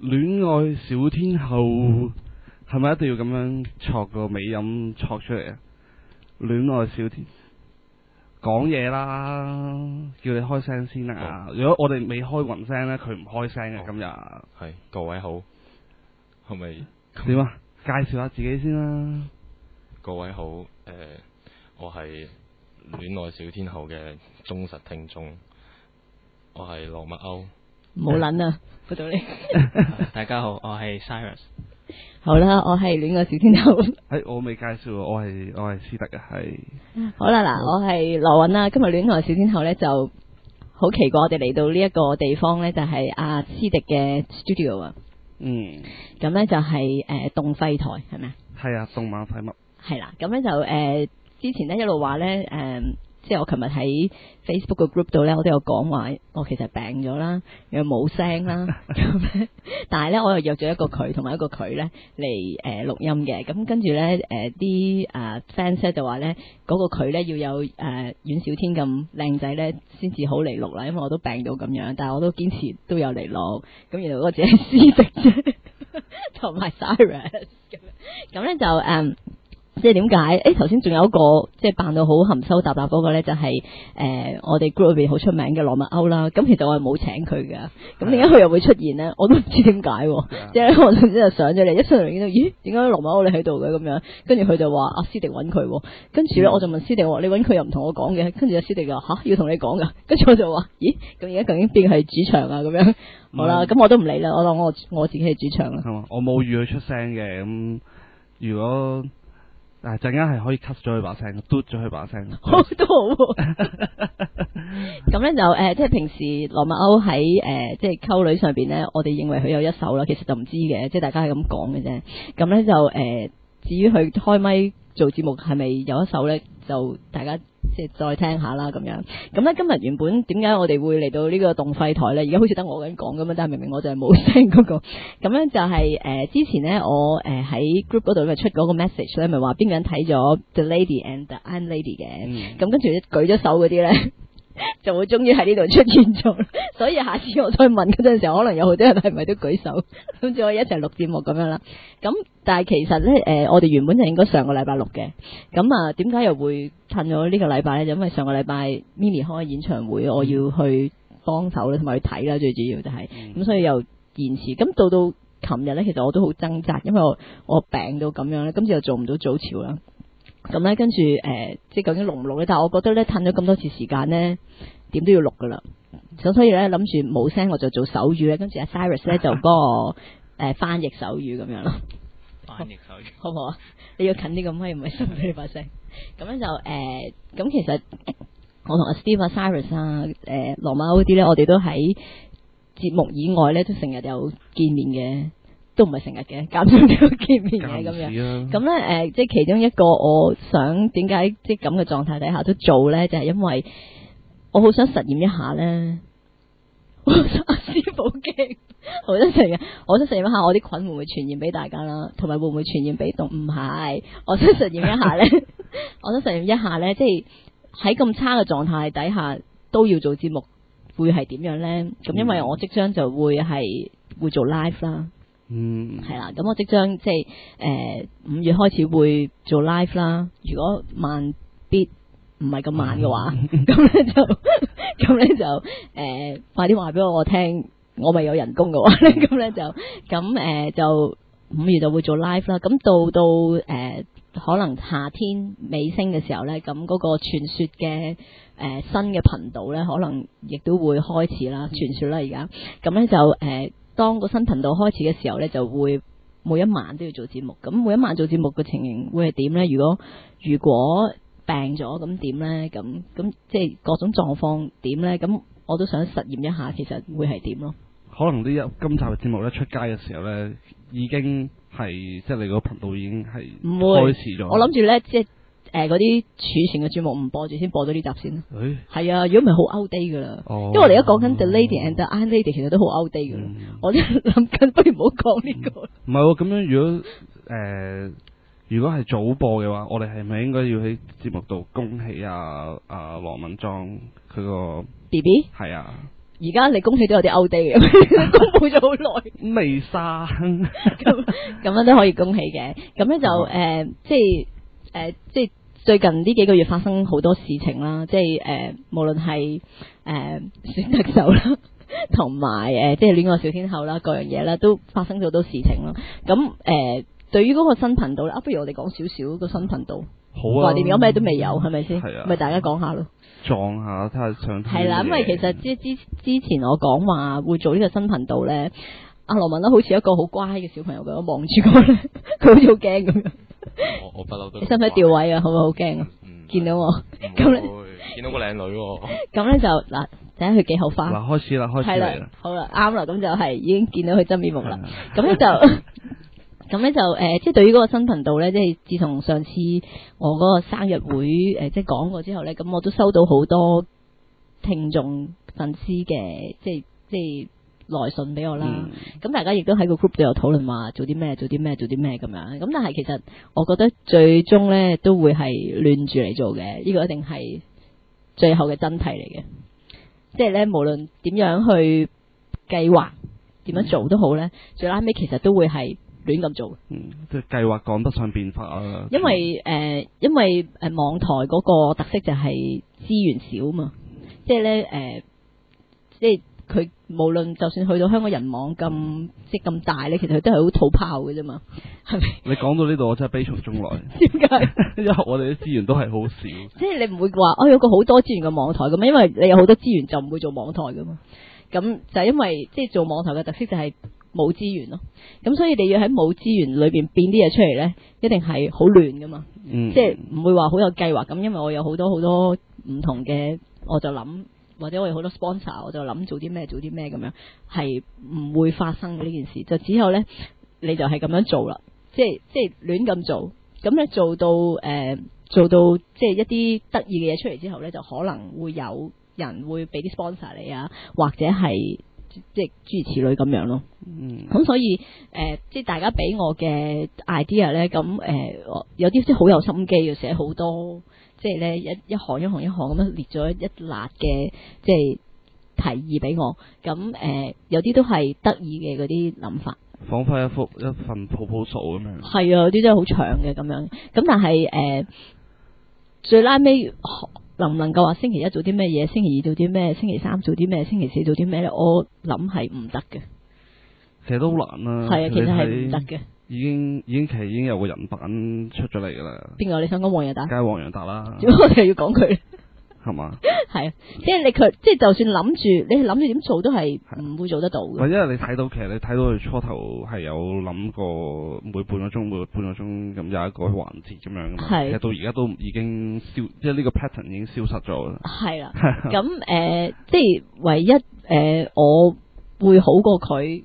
戀愛小天后係咪一定要咁樣戳個美音戳出嚟啊？戀愛小天講嘢啦，叫你開聲先啦啊！好如果我哋未開混聲咧，佢唔開聲嘅，啊、好今日。係各位好，係咪？點啊？介紹下自己先啦。各位好，誒、啊啊呃，我係戀愛小天后嘅忠實聽眾，我係羅密歐。冇好捻啊！嗰度、嗯、你， 大家好，我係 Cyrus。好啦，我係戀愛小天后。誒， 我未介紹，我係我係私敵嘅係。好啦，嗱我，我係諾韻啦。今日戀愛小天后咧就好奇怪，我哋嚟到呢一個地方咧、啊嗯嗯，就係阿私敵嘅 studio。嗯。咁咧就係誒動廢台係咪啊？係啊，動漫廢物。係啦，咁咧就誒之前咧一路話咧誒。嗯即係我琴日喺 Facebook 嘅 group 度咧，我都有講話我其實病咗啦，又冇聲啦。咁，但係咧我又約咗一個佢同埋一個佢咧嚟誒錄音嘅。咁跟住咧誒啲誒 fans 就話咧嗰個佢咧要有誒阮小天咁靚仔咧先至好嚟錄啦。因為我都病到咁樣，但係我都堅持都有嚟錄。咁原來嗰個只係私敵啫，同埋 Cyrus 咁。咁咧就誒。即係點解？誒，頭先仲有一個即係扮到好含羞答答嗰個咧，就係、是、誒、呃、我哋 group 入邊好出名嘅羅密歐啦。咁其實我係冇請佢嘅，咁點解佢又會出現咧？是啊、我都唔知點解、啊。即係咧，我頭先就上咗嚟，一上嚟見到咦，點解羅密歐你喺度嘅咁樣？跟住佢就話阿私敵揾佢、啊，跟住咧我就問私敵，你揾佢又唔同我講嘅？司啊、跟住阿私敵就吓要同你講噶，跟住我就話咦，咁而家究竟邊個係主唱啊？咁樣好啦，咁、嗯、我都唔理啦，我當我我自己係主唱啦、啊。我冇預佢出聲嘅咁，如果。但係陣間係可以 cut 咗佢把聲，嘟咗佢把聲，都好。咁咧就誒，即係平時羅密歐喺誒、呃，即係溝女上邊咧，我哋認為佢有一手啦。其實就唔知嘅，即係大家係咁講嘅啫。咁咧就誒、呃，至於佢開咪做節目係咪有一手咧？就大家即再聽下啦咁樣。咁咧今日原本點解我哋會嚟到呢個動廢台呢？而家好似得我緊講咁啊，但係明明我就係冇聲嗰個。咁樣就係、是、誒、呃、之前呢，我誒喺、呃、group 嗰度咪出嗰個 message 咧，咪話邊個人睇咗 The Lady and The Iron Lady 嘅，咁、mm. 跟住舉咗手嗰啲呢。 就會終於喺呢度出現咗， 所以下次我再問嗰陣時候，可能有好多人係咪都舉手，咁我一齊錄節目咁樣啦。咁但係其實呢，誒、呃，我哋原本就應該上個禮拜六嘅。咁啊，點解又會褪咗呢個禮拜呢？就因為上個禮拜 Mimi 開演唱會，我要去幫手啦，同埋去睇啦，最主要就係、是、咁，嗯、所以又延遲。咁到到琴日呢，其實我都好掙扎，因為我我病到咁樣咧，今次又做唔到早朝啦。咁咧，跟住誒，即係究竟錄唔錄咧？但係我覺得咧，褪咗咁多次時間咧，點都要錄㗎啦。咁所以咧，諗住冇聲我就做手語咧，跟住阿 Cyrus 咧就幫我誒翻譯手語咁樣咯。翻譯手語，呵呵手語好唔好啊？你要近啲咁可以咪收起把聲。咁 樣就誒，咁、呃、其實我同阿 Steve 啊、Cyrus 啊、誒 Romeo 啲咧，我哋都喺節目以外咧，都成日有見面嘅。都唔係成日嘅，減少啲見面嘅咁時樣。咁、呃、咧，誒，即係其中一個，我想點解即係咁嘅狀態底下都做咧，就係、是、因為我好想實驗一下咧。我殺屍寶劍，好想成日，我想實驗一下我啲菌會唔會傳染俾大家啦，同埋會唔會傳染俾動物？唔係，我想實驗一下咧，我想實驗一下咧，即係喺咁差嘅狀態底下都要做節目，會係點樣咧？咁因為我即將就會係會做 live 啦。嗯，係啦，咁我即將即係誒五月開始會做 live 啦。如果慢啲，唔係咁慢嘅話，咁咧、嗯、 就咁咧就誒、呃、快啲話俾我我聽，我咪有人工嘅話咧，咁咧、嗯、 就咁誒、呃、就五月就會做 live 啦。咁到到誒、呃、可能夏天尾聲嘅時候咧，咁嗰個傳說嘅誒、呃、新嘅頻道咧，可能亦都會開始啦，傳、嗯、說啦而家，咁咧就誒。呃當個新頻道開始嘅時候呢，就會每一晚都要做節目。咁每一晚做節目嘅情形會係點呢？如果如果病咗咁點呢？咁咁即係各種狀況點呢？咁我都想實驗一下，其實會係點咯？可能呢一今集嘅節目呢，出街嘅時候呢，已經係即係你個頻道已經係開始咗會。了我諗住呢，即係。誒，嗰啲儲存嘅節目唔播住，先播咗呢集先咯。係啊，如果唔係好 outdate 噶啦。啊哦、因為我哋而家講緊 The Lady and The Iron Lady，其實都好 outdate 噶啦。嗯、我都諗緊，不如唔好講呢個。唔係喎，咁樣如果誒、呃，如果係早播嘅話，我哋係咪應該要喺節目度恭喜啊啊，羅敏莊佢個 BB，係啊。而家你恭喜都有啲 outdate 嘅， 公布咗好耐。未生咁咁 樣都可以恭喜嘅。咁咧就誒，即係誒，即、就、係、是。呃呃即係最近呢幾個月發生好多事情啦，即係誒、呃，無論係誒、呃、選特首啦，同埋誒即係戀愛小天后啦，各樣嘢啦，都發生咗好多事情咯。咁、嗯、誒、呃，對於嗰個新頻道咧，啊，不如我哋講少少個新頻道，話裡面有咩都未有，係咪先？係吧啊，咪大家講下咯。撞下睇下上。係啦，因為其實即係之之前我講話會做呢個新頻道咧，阿、啊、羅文都好似一個好乖嘅小朋友嘅，我望住佢咧，佢好似好驚咁樣。我我不嬲都，你使唔使調位啊？ 好唔好驚啊？見到我咁咧，見到個靚女喎。咁咧就嗱，睇下佢幾好翻。嗱，開始啦，開始啦，好啦，啱啦，咁就係、是、已經見到佢真面目啦。咁咧 就，咁咧就誒，即係對於嗰個新頻道咧，即係自從上次我嗰個生日會誒，即係講過之後咧，咁我都收到好多聽眾粉絲嘅，即係即係。來信俾我啦，咁、嗯、大家亦都喺個 group 度有討論話做啲咩，做啲咩，做啲咩咁樣，咁但係其實我覺得最終咧都會係亂住嚟做嘅。呢、這個一定係最後嘅真諦嚟嘅，即係咧無論點樣去計劃點樣做都好咧，嗯、最拉尾其實都會係亂咁做。嗯，即係計劃趕不上變化啊、呃。因為誒，因為誒網台嗰個特色就係資源少嘛，即係咧誒，即係。呃佢無論就算去到香港人網咁即咁大咧，其實佢都係好土炮嘅啫嘛，係咪？你講到呢度，我真係悲從中來。點解？因為我哋啲資源都係好少。 即係你唔會話，哦有個好多資源嘅網台咁，因為你有好多資源就唔會做網台噶嘛。咁就因為即係、就係、做網台嘅特色就係冇資源咯。咁所以你要喺冇資源裏邊變啲嘢出嚟呢，一定係好亂噶嘛。嗯、即係唔會話好有計劃咁，因為我有好多好多唔同嘅，我就諗。或者我有好多 sponsor，我就諗做啲咩做啲咩咁樣，係唔會發生嘅呢件事。就之後呢，你就係咁樣做啦。即係即係亂咁做，咁咧做到誒、呃、做到即係一啲得意嘅嘢出嚟之後呢，就可能會有人會俾啲 sponsor 你啊，或者係即係諸如此類咁樣咯。嗯。咁所以誒、呃，即係大家俾我嘅 idea 呢，咁、呃、誒有啲即係好有心機嘅，寫好多。即係咧，一一行一行一行咁樣列咗一列嘅，即係提議俾我。咁誒、呃、有啲都係得意嘅嗰啲諗法，仿佛一幅一份鋪鋪數咁樣。係啊，有啲真係好長嘅咁樣。咁但係誒、呃，最拉尾能唔能夠話星期一做啲咩嘢，星期二做啲咩，星期三做啲咩，星期四做啲咩咧？我諗係唔得嘅。其實都好難啊。係啊，其實係唔得嘅。已經已經其實已經有個人版出咗嚟噶啦。邊個？你想講黃陽達？梗係黃陽達啦， 要我哋要講佢係嘛？係嗎，即係、 啊就是，你佢、即、就、係、是、就算諗住你諗住點做，都係唔會做得到嘅、啊。因為你睇到其實你睇到佢初頭係有諗過每半個鐘每半個鐘咁有一個環節咁樣噶嘛。其實到而家都已經消，即係呢個 pattern 已經消失咗啦。係啦，咁誒，即係唯一誒、呃，我會好過佢。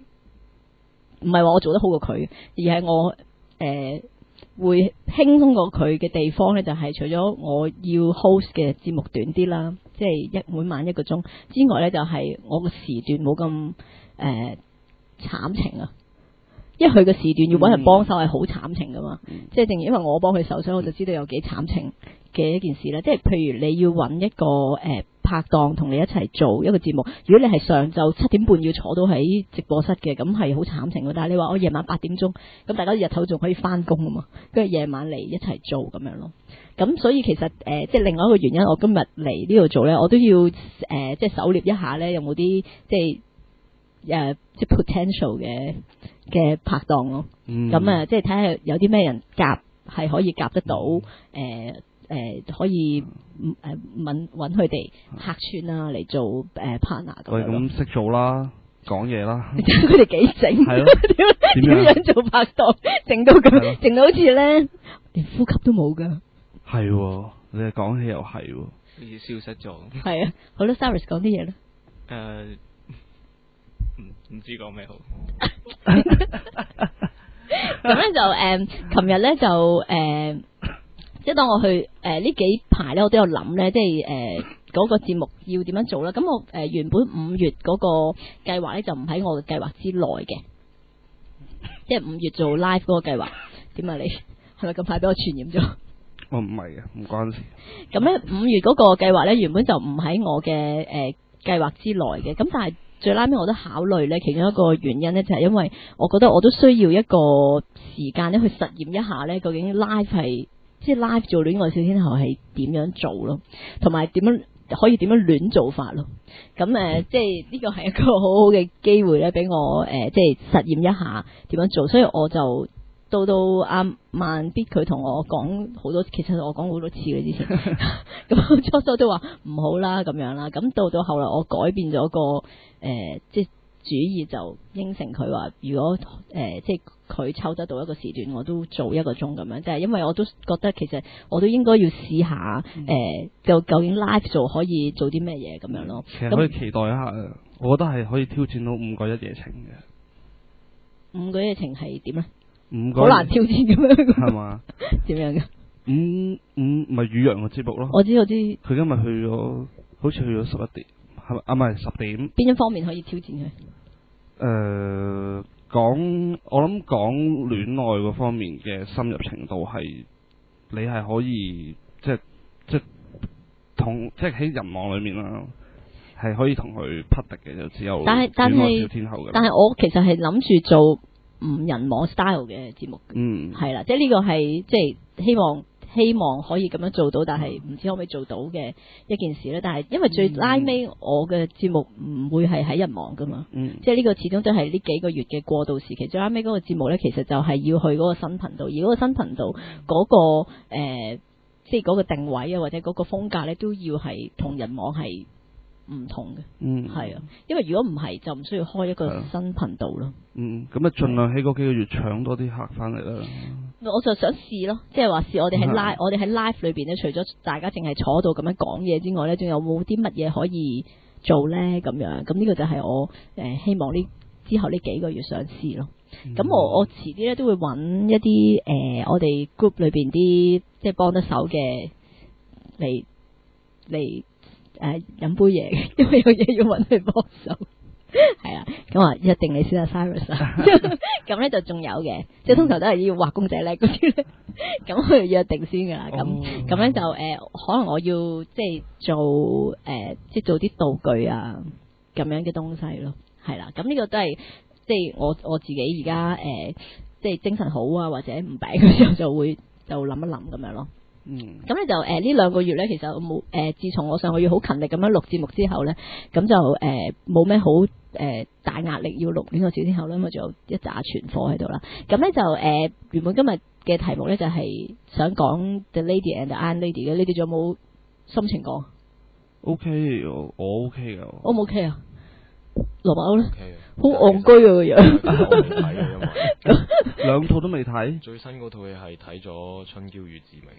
唔係話我做得好過佢，而係我誒、呃、會輕鬆過佢嘅地方呢，就係除咗我要 host 嘅節目短啲啦，即係一每晚一個鐘之外呢，就係我個時段冇咁誒慘情啊。因為佢個時段要揾人幫手係好慘情噶嘛，嗯、即係正如因為我幫佢手，所以、嗯、我就知道有幾慘情嘅一件事咧。即係譬如你要揾一個誒。呃拍檔同你一齊做一個節目，如果你係上晝七點半要坐到喺直播室嘅，咁係好慘情咯。但係你話我、哦、夜晚八點鐘，咁大家日頭仲可以翻工啊嘛，跟住夜晚嚟一齊做咁樣咯。咁所以其實誒，即、呃、係、即係、另外一個原因，我今日嚟呢度做呢，我都要誒，即、呃、係、即係、狩獵一下呢，有冇啲即係誒，即係、uh, potential 嘅嘅拍檔咯。咁啊、嗯，即係睇下有啲咩人夾係可以夾得到誒。嗯呃誒、呃，可以誒，搵搵佢哋客串啦，嚟做誒、呃、partner 咁樣咁識做啦，講嘢啦。佢哋 幾整？係咯了。點樣做拍檔？整到咁，整了到好似咧，連呼吸都冇噶。係、哦，你哋講起又係、哦，好似消失咗。係 啊，好啦 Cyrus 講啲嘢啦。誒，唔唔知講咩好。咁咧 就誒，琴日咧就誒。嗯 即係當我去誒呢、呃、幾排咧，我都有諗咧，即係誒嗰個節目要點樣做啦。咁我誒、呃、原本五月嗰個計劃咧，就唔喺我嘅計劃之內嘅，即係五月做 live 嗰個計劃點啊？你係咪咁快俾我傳染咗？我唔係啊，唔關事。咁咧五月嗰個計劃咧，原本就唔喺我嘅誒計劃之內嘅。咁但係最拉尾我都考慮咧，其中一個原因咧就係、是，因為我覺得我都需要一個時間咧去實驗一下咧，究竟 live 係。即係 live 做戀愛小天后係點樣做咯，同埋點樣可以點樣亂做法咯？咁、嗯、誒，即係呢個係一個好好嘅機會咧，俾我誒即係實驗一下點樣做。所以我就到到阿、啊、萬必佢同我講好多，其實我講好多次嘅之前，咁 初初都話唔好啦咁樣啦。咁到到後來我改變咗個誒、呃、即係。主意就應承佢話，如果誒、呃、即係佢抽得到一個時段，我都做一個鐘咁樣，即係因為我都覺得其實我都應該要試下誒、呃，就究竟 live 做可以做啲咩嘢咁樣咯。其實可以期待一下，那我覺得係可以挑戰到五個一夜情嘅。五個一夜情係點咧？五個好難挑戰咁 吧樣。係嘛、嗯？點樣嘅？五五唔係雨揚嘅節目咯。我知我知。佢今日去咗，好似去咗十一點。係咪？唔係、啊、十點。邊一方面可以挑戰佢？誒、呃，講我諗講戀愛嗰方面嘅深入程度係，你係可以即係即係同即係喺人網裡面啦，係可以同佢匹敵嘅，就只有但。但係但係，但係我其實係諗住做唔人網 style 嘅節目。嗯，係啦，即係呢個係即係希望。希望可以咁樣做到，但係唔知可唔可以做到嘅一件事咧。但係因為最拉尾我嘅節目唔會係喺人網噶嘛，嗯、即係呢個始終都係呢幾個月嘅過渡時期。最拉尾嗰個節目呢，其實就係要去嗰個新頻道。而嗰個新頻道嗰、嗰個誒、呃，即係嗰個定位啊，或者嗰個風格呢，都要係同人網係唔同嘅，嗯，係啊，因為如果唔係，就唔需要開一個新頻道咯。嗯，咁啊，盡量喺嗰幾個月搶多啲客翻嚟啦。我就想試咯，即係話試我哋喺 live、嗯、我哋喺 live 裏邊咧，除咗大家淨係坐到咁樣講嘢之外咧，仲有冇啲乜嘢可以做咧？咁樣，咁呢個就係我誒希望呢之後呢幾個月想試咯。咁、嗯、我我遲啲咧都會搵一啲誒、呃、我哋 group 裏邊啲即係幫得手嘅嚟嚟。誒，飲、啊、杯嘢，因為有嘢要搵佢幫手，係 啦，咁話約定你先啊，Cyrus，咁咧就仲有嘅，即係通常都係要畫公仔叻嗰啲咧，咁去約定先噶啦，咁咁樣就誒、呃，可能我要即係、呃、做誒，即、呃、係做啲道具啊，咁樣嘅東西咯，係啦，咁呢個都係即係我我自己而家誒，即、呃、係、就是、精神好啊，或者唔病嘅時候就會就諗一諗咁樣咯。咁咧、嗯、就誒呢、呃、兩個月咧，其實我冇誒、呃、自從我上個月好勤力咁樣錄節目之後咧，咁就誒冇咩好誒大、呃、壓力要錄呢個節目之後咧，咁、嗯、就一紮存貨喺度啦。咁咧就誒原本今日嘅題目咧就係想講 The Lady and the Iron Lady 嘅，你哋仲有冇心情講？O K，我 O K 噶，我唔 OK 啊，Romeo 咧，好戇居啊個樣，兩套都未睇， 最新嗰套嘢係睇咗《春嬌與志明》。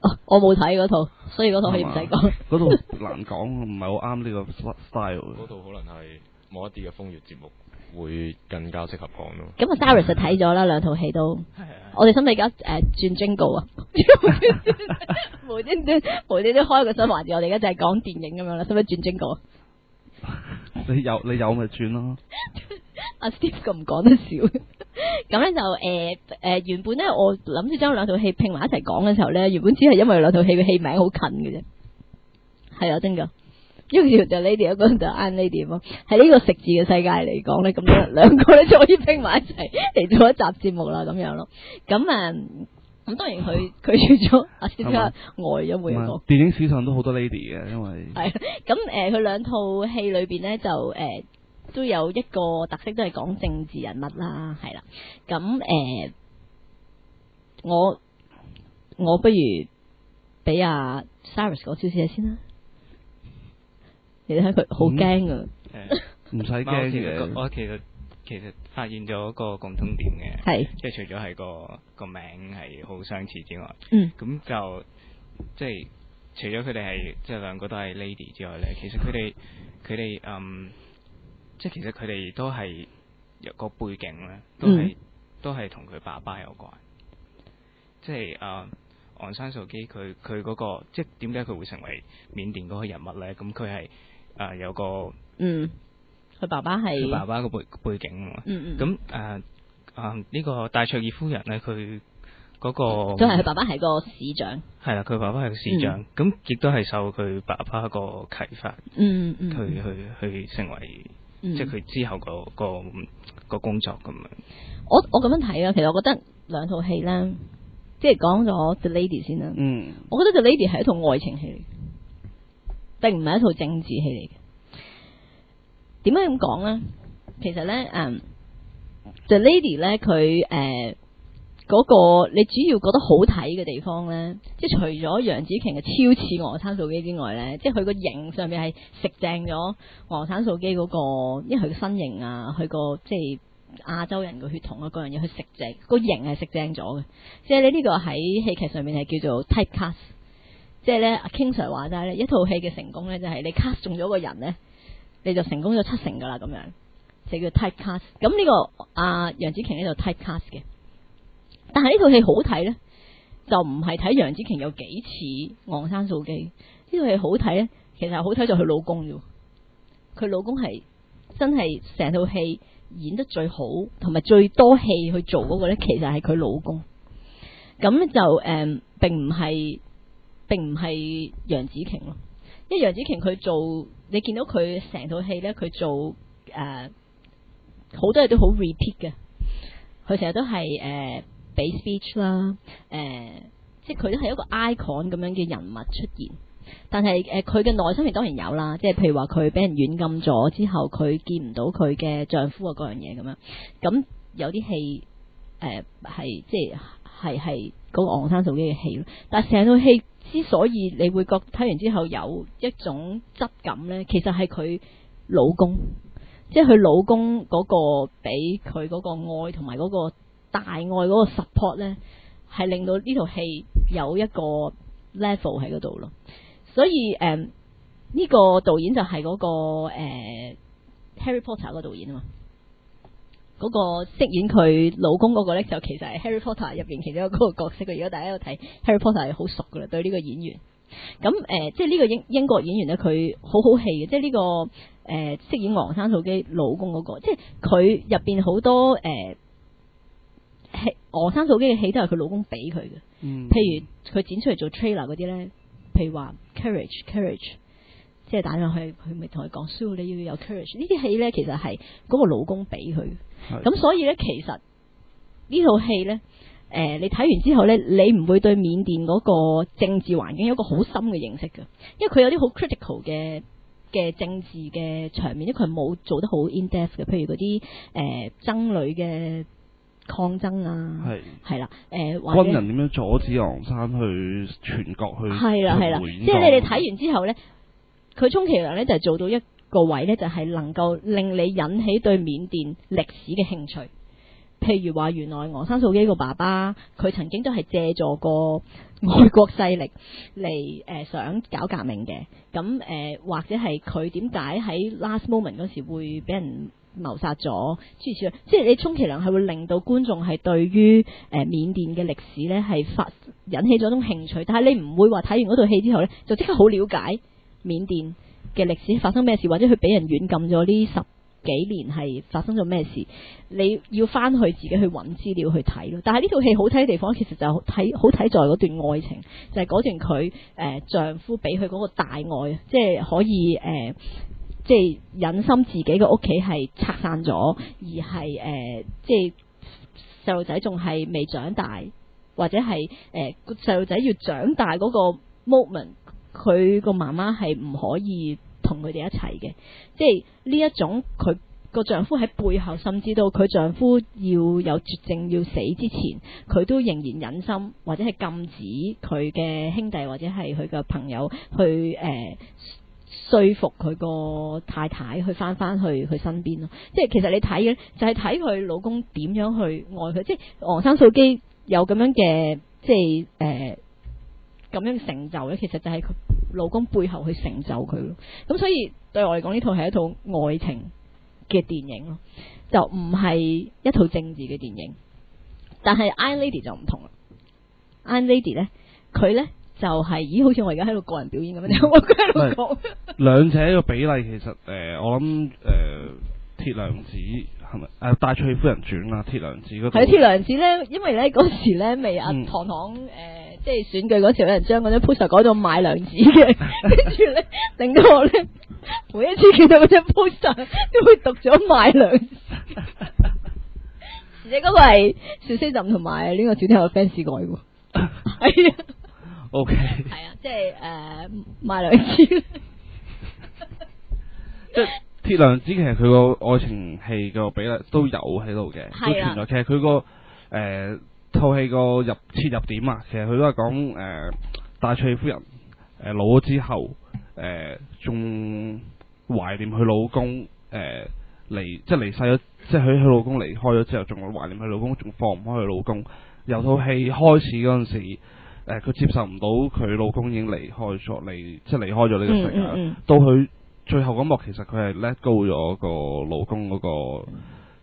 哦、我冇睇嗰套，所以嗰套戲唔使講。嗰套 難講，唔係好啱呢個 style。嗰套 可能係某一啲嘅風月節目會更加適合講咯。咁啊，Cyrus 就睇咗啦，兩套戲都。 我哋使唔使而家誒轉 Jingle 啊，冇端端冇端端，開個新環節，我哋而家就係講電影咁樣啦，使唔使轉 Jingle 啊？ 你有你有咪轉咯？阿 啊、Steve 咁講得少，咁 咧就誒誒、呃呃，原本咧我諗住將兩套戲拼埋一齊講嘅時候咧，原本只係因為兩套戲嘅戲名好近嘅啫，係 啊真噶，一個就 The Lady，一個就 Iron Lady 咯。喺呢個食字嘅世界嚟講咧，咁樣兩個咧就可以拼埋一齊嚟做一集節目啦，咁樣咯，咁啊。咁當然佢佢除咗阿 Cyrus 外，有冇嘢電影史上都好多 lady 嘅，因為係咁誒，佢、呃、兩套戲裏邊咧就誒、呃、都有一個特色，都係講政治人物啦，係啦。咁誒 我我不如俾阿 Cyrus 講少少嘢先啦。你睇佢好驚啊！唔使驚嘅。其實發現咗個共通點嘅，是即係除咗係個個名係好相似之外，咁、嗯、就即係除咗佢哋係即係兩個都係 lady 之外呢，其實佢哋佢哋嗯，即係其實佢哋都係有個背景呢，都係、嗯、都係同佢爸爸有關。即係啊、呃、昂山素姬，佢佢嗰個即係點解佢會成為緬甸嗰個人物呢？咁佢係啊有個嗯。佢爸爸係佢爸爸個背背景嘛，咁誒誒呢個戴卓爾夫人咧，佢嗰、嗰個、嗯、就係、是、佢爸爸係個市長，係啦，佢爸爸係個市長，咁亦、嗯、都係受佢爸爸個啟發，嗯嗯，嗯嗯，佢去去成為，即係佢之後個個、嗯、工作咁樣。我我咁樣睇啊，其實我覺得兩套戲咧，即係講咗 The Lady 先啦，嗯，我覺得 The Lady 係一套愛情戲嚟，並唔係一套政治戲嚟嘅。點解咁講呢？其實呢，誒、嗯，就 Lady 咧，佢誒嗰個你主要覺得好睇嘅地方呢，即係除咗楊紫瓊嘅超似昂山素姬之外呢，即係佢個形上面係食正咗昂山素姬嗰個，因為佢個身形啊，佢個即係亞洲人嘅血統啊各樣嘢，佢食正個型係食正咗嘅。即係你呢個喺戲劇上面係叫做 typecast，即係咧阿 King Sir 話齋呢，一套戲嘅成功呢，就係你 cast 中咗個人呢。你就成功咗七成噶啦，咁樣就叫 class，這個啊，就叫 typecast。咁呢個阿楊紫瓊呢就 typecast 嘅。但係呢套戲好睇咧，就唔係睇楊紫瓊有幾似《昂山素姬》。呢套戲好睇咧，其實好睇就佢老公啫。佢老公係真係成套戲演得最好，同埋最多戲去做嗰個咧，其實係佢老公。咁咧就誒、嗯，並唔係，並唔係楊紫瓊咯。因為楊紫瓊佢做，你見到佢成套戲咧，佢做誒好、呃、多嘢都好 repeat 嘅，佢成日都係誒俾 speech 啦、呃，誒即係佢都係一個 icon 咁樣嘅人物出現。但係誒佢嘅內心係當然有啦，即係譬如話佢俾人軟禁咗之後，佢見唔到佢嘅丈夫啊嗰樣嘢咁樣。咁有啲戲誒係即係係係嗰個昂山素姬嘅戲咯，但係成套戲。之所以你會覺睇完之後有一種質感咧，其實係佢老公，即係佢老公個個俾佢個愛同埋個大愛個 support 咧，係令到呢套戲有一個 level 喺度咯。所以誒呢、呃呢個導演就係、嗰個誒、呃、Harry Potter 個導演啊嘛。嗰個飾演佢老公嗰個咧，就其實係《Harry Potter》入邊其中一個角色嘅。如果大家有睇《Harry Potter》係好熟嘅啦，對呢個演員。咁誒、呃，即係呢個英英國演員咧，佢好好戲嘅。即係呢、呢個誒、呃、飾演昂山素姬老公嗰、嗰個，即係佢入邊好多誒戲，昂、呃、山素姬嘅戲都係佢老公俾佢嘅。嗯譬。譬如佢剪出嚟做 trailer 嗰啲咧，譬如話 Courage，Courage Cour。即係打上去，佢咪同佢講，所以你要有 courage。呢啲戲呢，其實係嗰個老公俾佢。咁是的 所以呢，其實呢套戲呢，誒、呃，你睇完之後呢，你唔會對緬甸嗰個政治環境有一個好深嘅認識㗎。因為佢有啲好 critical 嘅嘅政治嘅場面，因為佢冇做得好 in depth 嘅，譬如嗰啲誒僧侶嘅抗爭啊，係啦的，誒軍、呃、人點樣阻止昂山去全國去回應。係啦係啦，即係你哋睇完之後呢。佢充其量咧就係、是、做到一個位咧，就係、是、能夠令你引起對緬甸歷史嘅興趣。譬如話，原來昂生素基個爸爸佢曾經都係借助過外國勢力嚟誒、呃、想搞革命嘅。咁誒、呃、或者係佢點解喺 last moment 嗰時會俾人謀殺咗？諸如此類，即係你充其量係會令到觀眾係對於誒緬甸嘅歷史咧係發引起咗一種興趣，但係你唔會話睇完嗰套戲之後咧就即刻好了解。緬甸嘅歷史發生咩事，或者佢俾人軟禁咗呢十幾年係發生咗咩事？你要翻去自己去揾資料去睇咯。但係呢套戲好睇嘅地方，其實就係好睇，好睇在嗰段愛情，就係嗰段佢誒丈夫俾佢嗰個大愛，即係可以誒、呃，即係忍心自己嘅屋企係拆散咗，而係誒、呃，即係細路仔仲係未長大，或者係誒細路仔要長大嗰個 moment。佢個媽媽係唔可以同佢哋一齊嘅，即係呢一種佢個丈夫喺背後，甚至到佢丈夫要有絕症要死之前，佢都仍然忍心或者係禁止佢嘅兄弟或者係佢嘅朋友去誒、呃、說服佢個太太去返返去佢身邊咯。即係其實你睇嘅就係睇佢老公點樣去愛佢，即係昂山素姬有咁樣嘅即係誒。呃咁樣成就咧，其實就係佢老公背後去成就佢咯。咁所以對我嚟講，呢套係一套愛情嘅電影咯，就唔係一套政治嘅電影。但係 Iron Lady 就唔同啦。Iron Lady 呢，佢咧就係、是、咦，好似我而家喺度個人表演咁樣，我喺度講。兩者嘅比例其實誒、呃，我諗誒鐵娘子係咪誒《戴卓爾夫人傳》啊？鐵娘子嗰。係鐵娘子咧，因為咧嗰時咧未阿唐唐誒。唐唐呃嗯即係選舉嗰時，有人將嗰隻 poster 改到買良子嘅，跟住咧令到我咧每一次見到嗰隻 poster 都會讀咗買良子。 而且嗰個係徐先林同埋呢個主題嘅 fans 愛嘅。係啊。OK。係啊，即係誒買良子。即係鐵娘子，其實佢個愛情戲個比例都有喺度嘅，都存在。其實佢個誒。呃套戲個入切入點啊，其實佢都係講誒戴卓爾夫人誒、呃、老咗之後誒仲懷念佢老公誒離即係離世咗，即係佢佢老公離開咗之後，仲、呃、懷念佢老公，仲、呃、放唔開佢老公。由套戲開始嗰陣時，佢、呃、接受唔到佢老公已經離開咗，離即係離開咗呢個世界。嗯嗯嗯，到佢最後嗰幕，其實佢係 let go 咗個老公嗰個。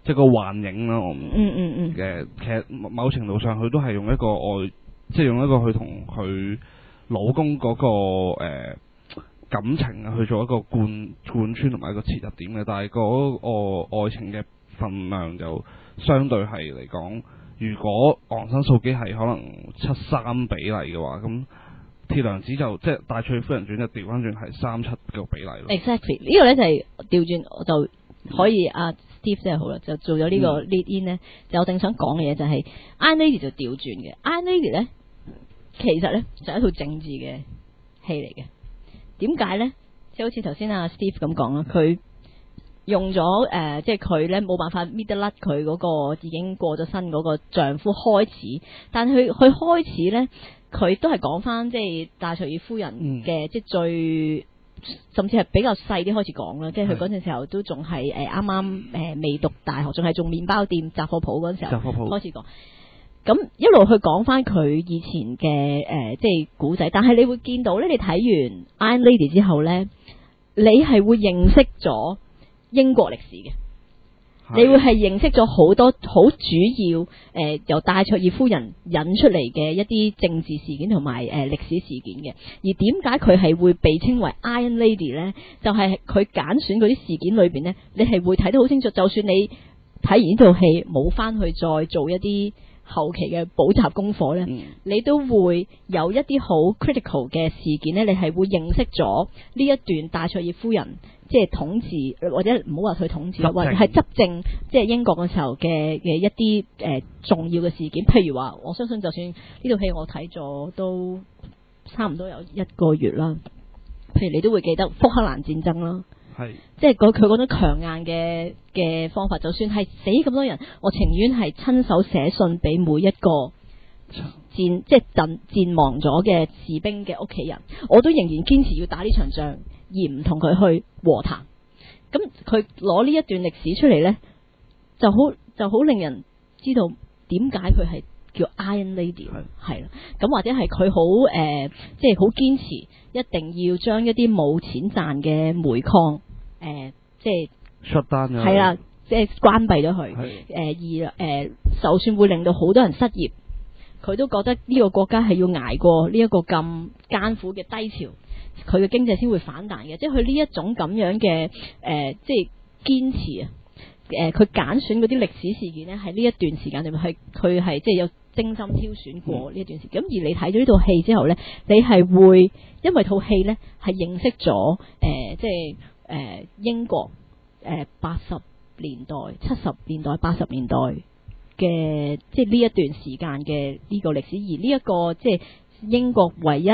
即係個幻影啦，我唔，誒，其實某程度上佢都係用一個愛，即係用一個去同佢老公嗰、那個、呃、感情去做一個貫貫穿同埋一個切入點嘅，但係嗰、那個、呃、愛情嘅份量就相對係嚟講，如果《昂山素姬》係可能七三比例嘅話，咁《鐵娘子》就即係《大翠夫人傳、exactly，》就調翻轉係三七個比例咯。Exactly，呢個咧就係調轉我就可以、嗯、啊。Steve 真係好啦，就做咗呢個 lead in 咧。嗯、就我正想講嘅嘢就係 Iron Lady 就調轉嘅。Iron Lady 咧、mm hmm.，其實咧就一套政治嘅戲嚟嘅。點解咧？即係好似頭先阿 Steve 咁講啊，佢用咗誒，即係佢咧冇辦法搣得甩佢嗰個已經過咗身嗰個丈夫開始，但佢佢開始咧，佢都係講翻即係戴卓爾夫人嘅、mm hmm. 即係最。甚至係比較細啲開始講啦，即係佢嗰陣時候都仲係誒啱啱誒未讀大學，仲係做麵包店雜貨鋪嗰陣時候開始講。咁一路去講翻佢以前嘅誒即係古仔，但係你會見到咧，你睇完《Iron Lady》之後咧，你係會認識咗英國歷史嘅。你會係認識咗好多好主要，誒、呃、由戴卓爾夫人引出嚟嘅一啲政治事件同埋誒歷史事件嘅。而點解佢係會被稱為 Iron Lady 咧？就係佢揀選嗰啲事件裏邊咧，你係會睇得好清楚。就算你睇完呢套戲冇翻去再做一啲後期嘅補習功課咧，嗯、你都會有一啲好 critical 嘅事件咧，你係會認識咗呢一段戴卓爾夫人。即係統治，或者唔好話佢統治，或者係執政。即係、即係、英國嗰時候嘅嘅一啲誒、呃、重要嘅事件，譬如話，我相信就算呢套戲我睇咗都差唔多有一個月啦。譬如你都會記得福克蘭戰爭啦，係是即係佢嗰種強硬嘅嘅方法，就算係死咁多人，我情願係親手寫信俾每一個戰即係陣戰亡咗嘅士兵嘅屋企人，我都仍然堅持要打呢場仗。而唔同佢去和談，咁佢攞呢一段歷史出嚟呢，就好就好令人知道點解佢係叫 Iron Lady 係啦的，咁或者係佢好誒，即係好堅持，一定要將一啲冇錢賺嘅煤礦誒，即係 shut down 啦，係啦，即係關閉咗佢誒，而誒，就算會令到好多人失業，佢都覺得呢個國家係要捱過呢一個咁艱苦嘅低潮。佢嘅經濟先會反彈嘅，即係佢呢一種咁樣嘅誒、呃，即係堅持啊！誒、呃，佢揀選嗰啲歷史事件咧，喺呢一段時間裏面係佢係即係有精心挑選過呢一段時間。咁而你睇咗呢套戲之後咧，你係會因為套戲咧係認識咗誒、呃，即係誒、呃、英國誒八十年代、七十年代、八十年代嘅即係呢一段時間嘅呢個歷史，而呢、這、一個即係英國唯一。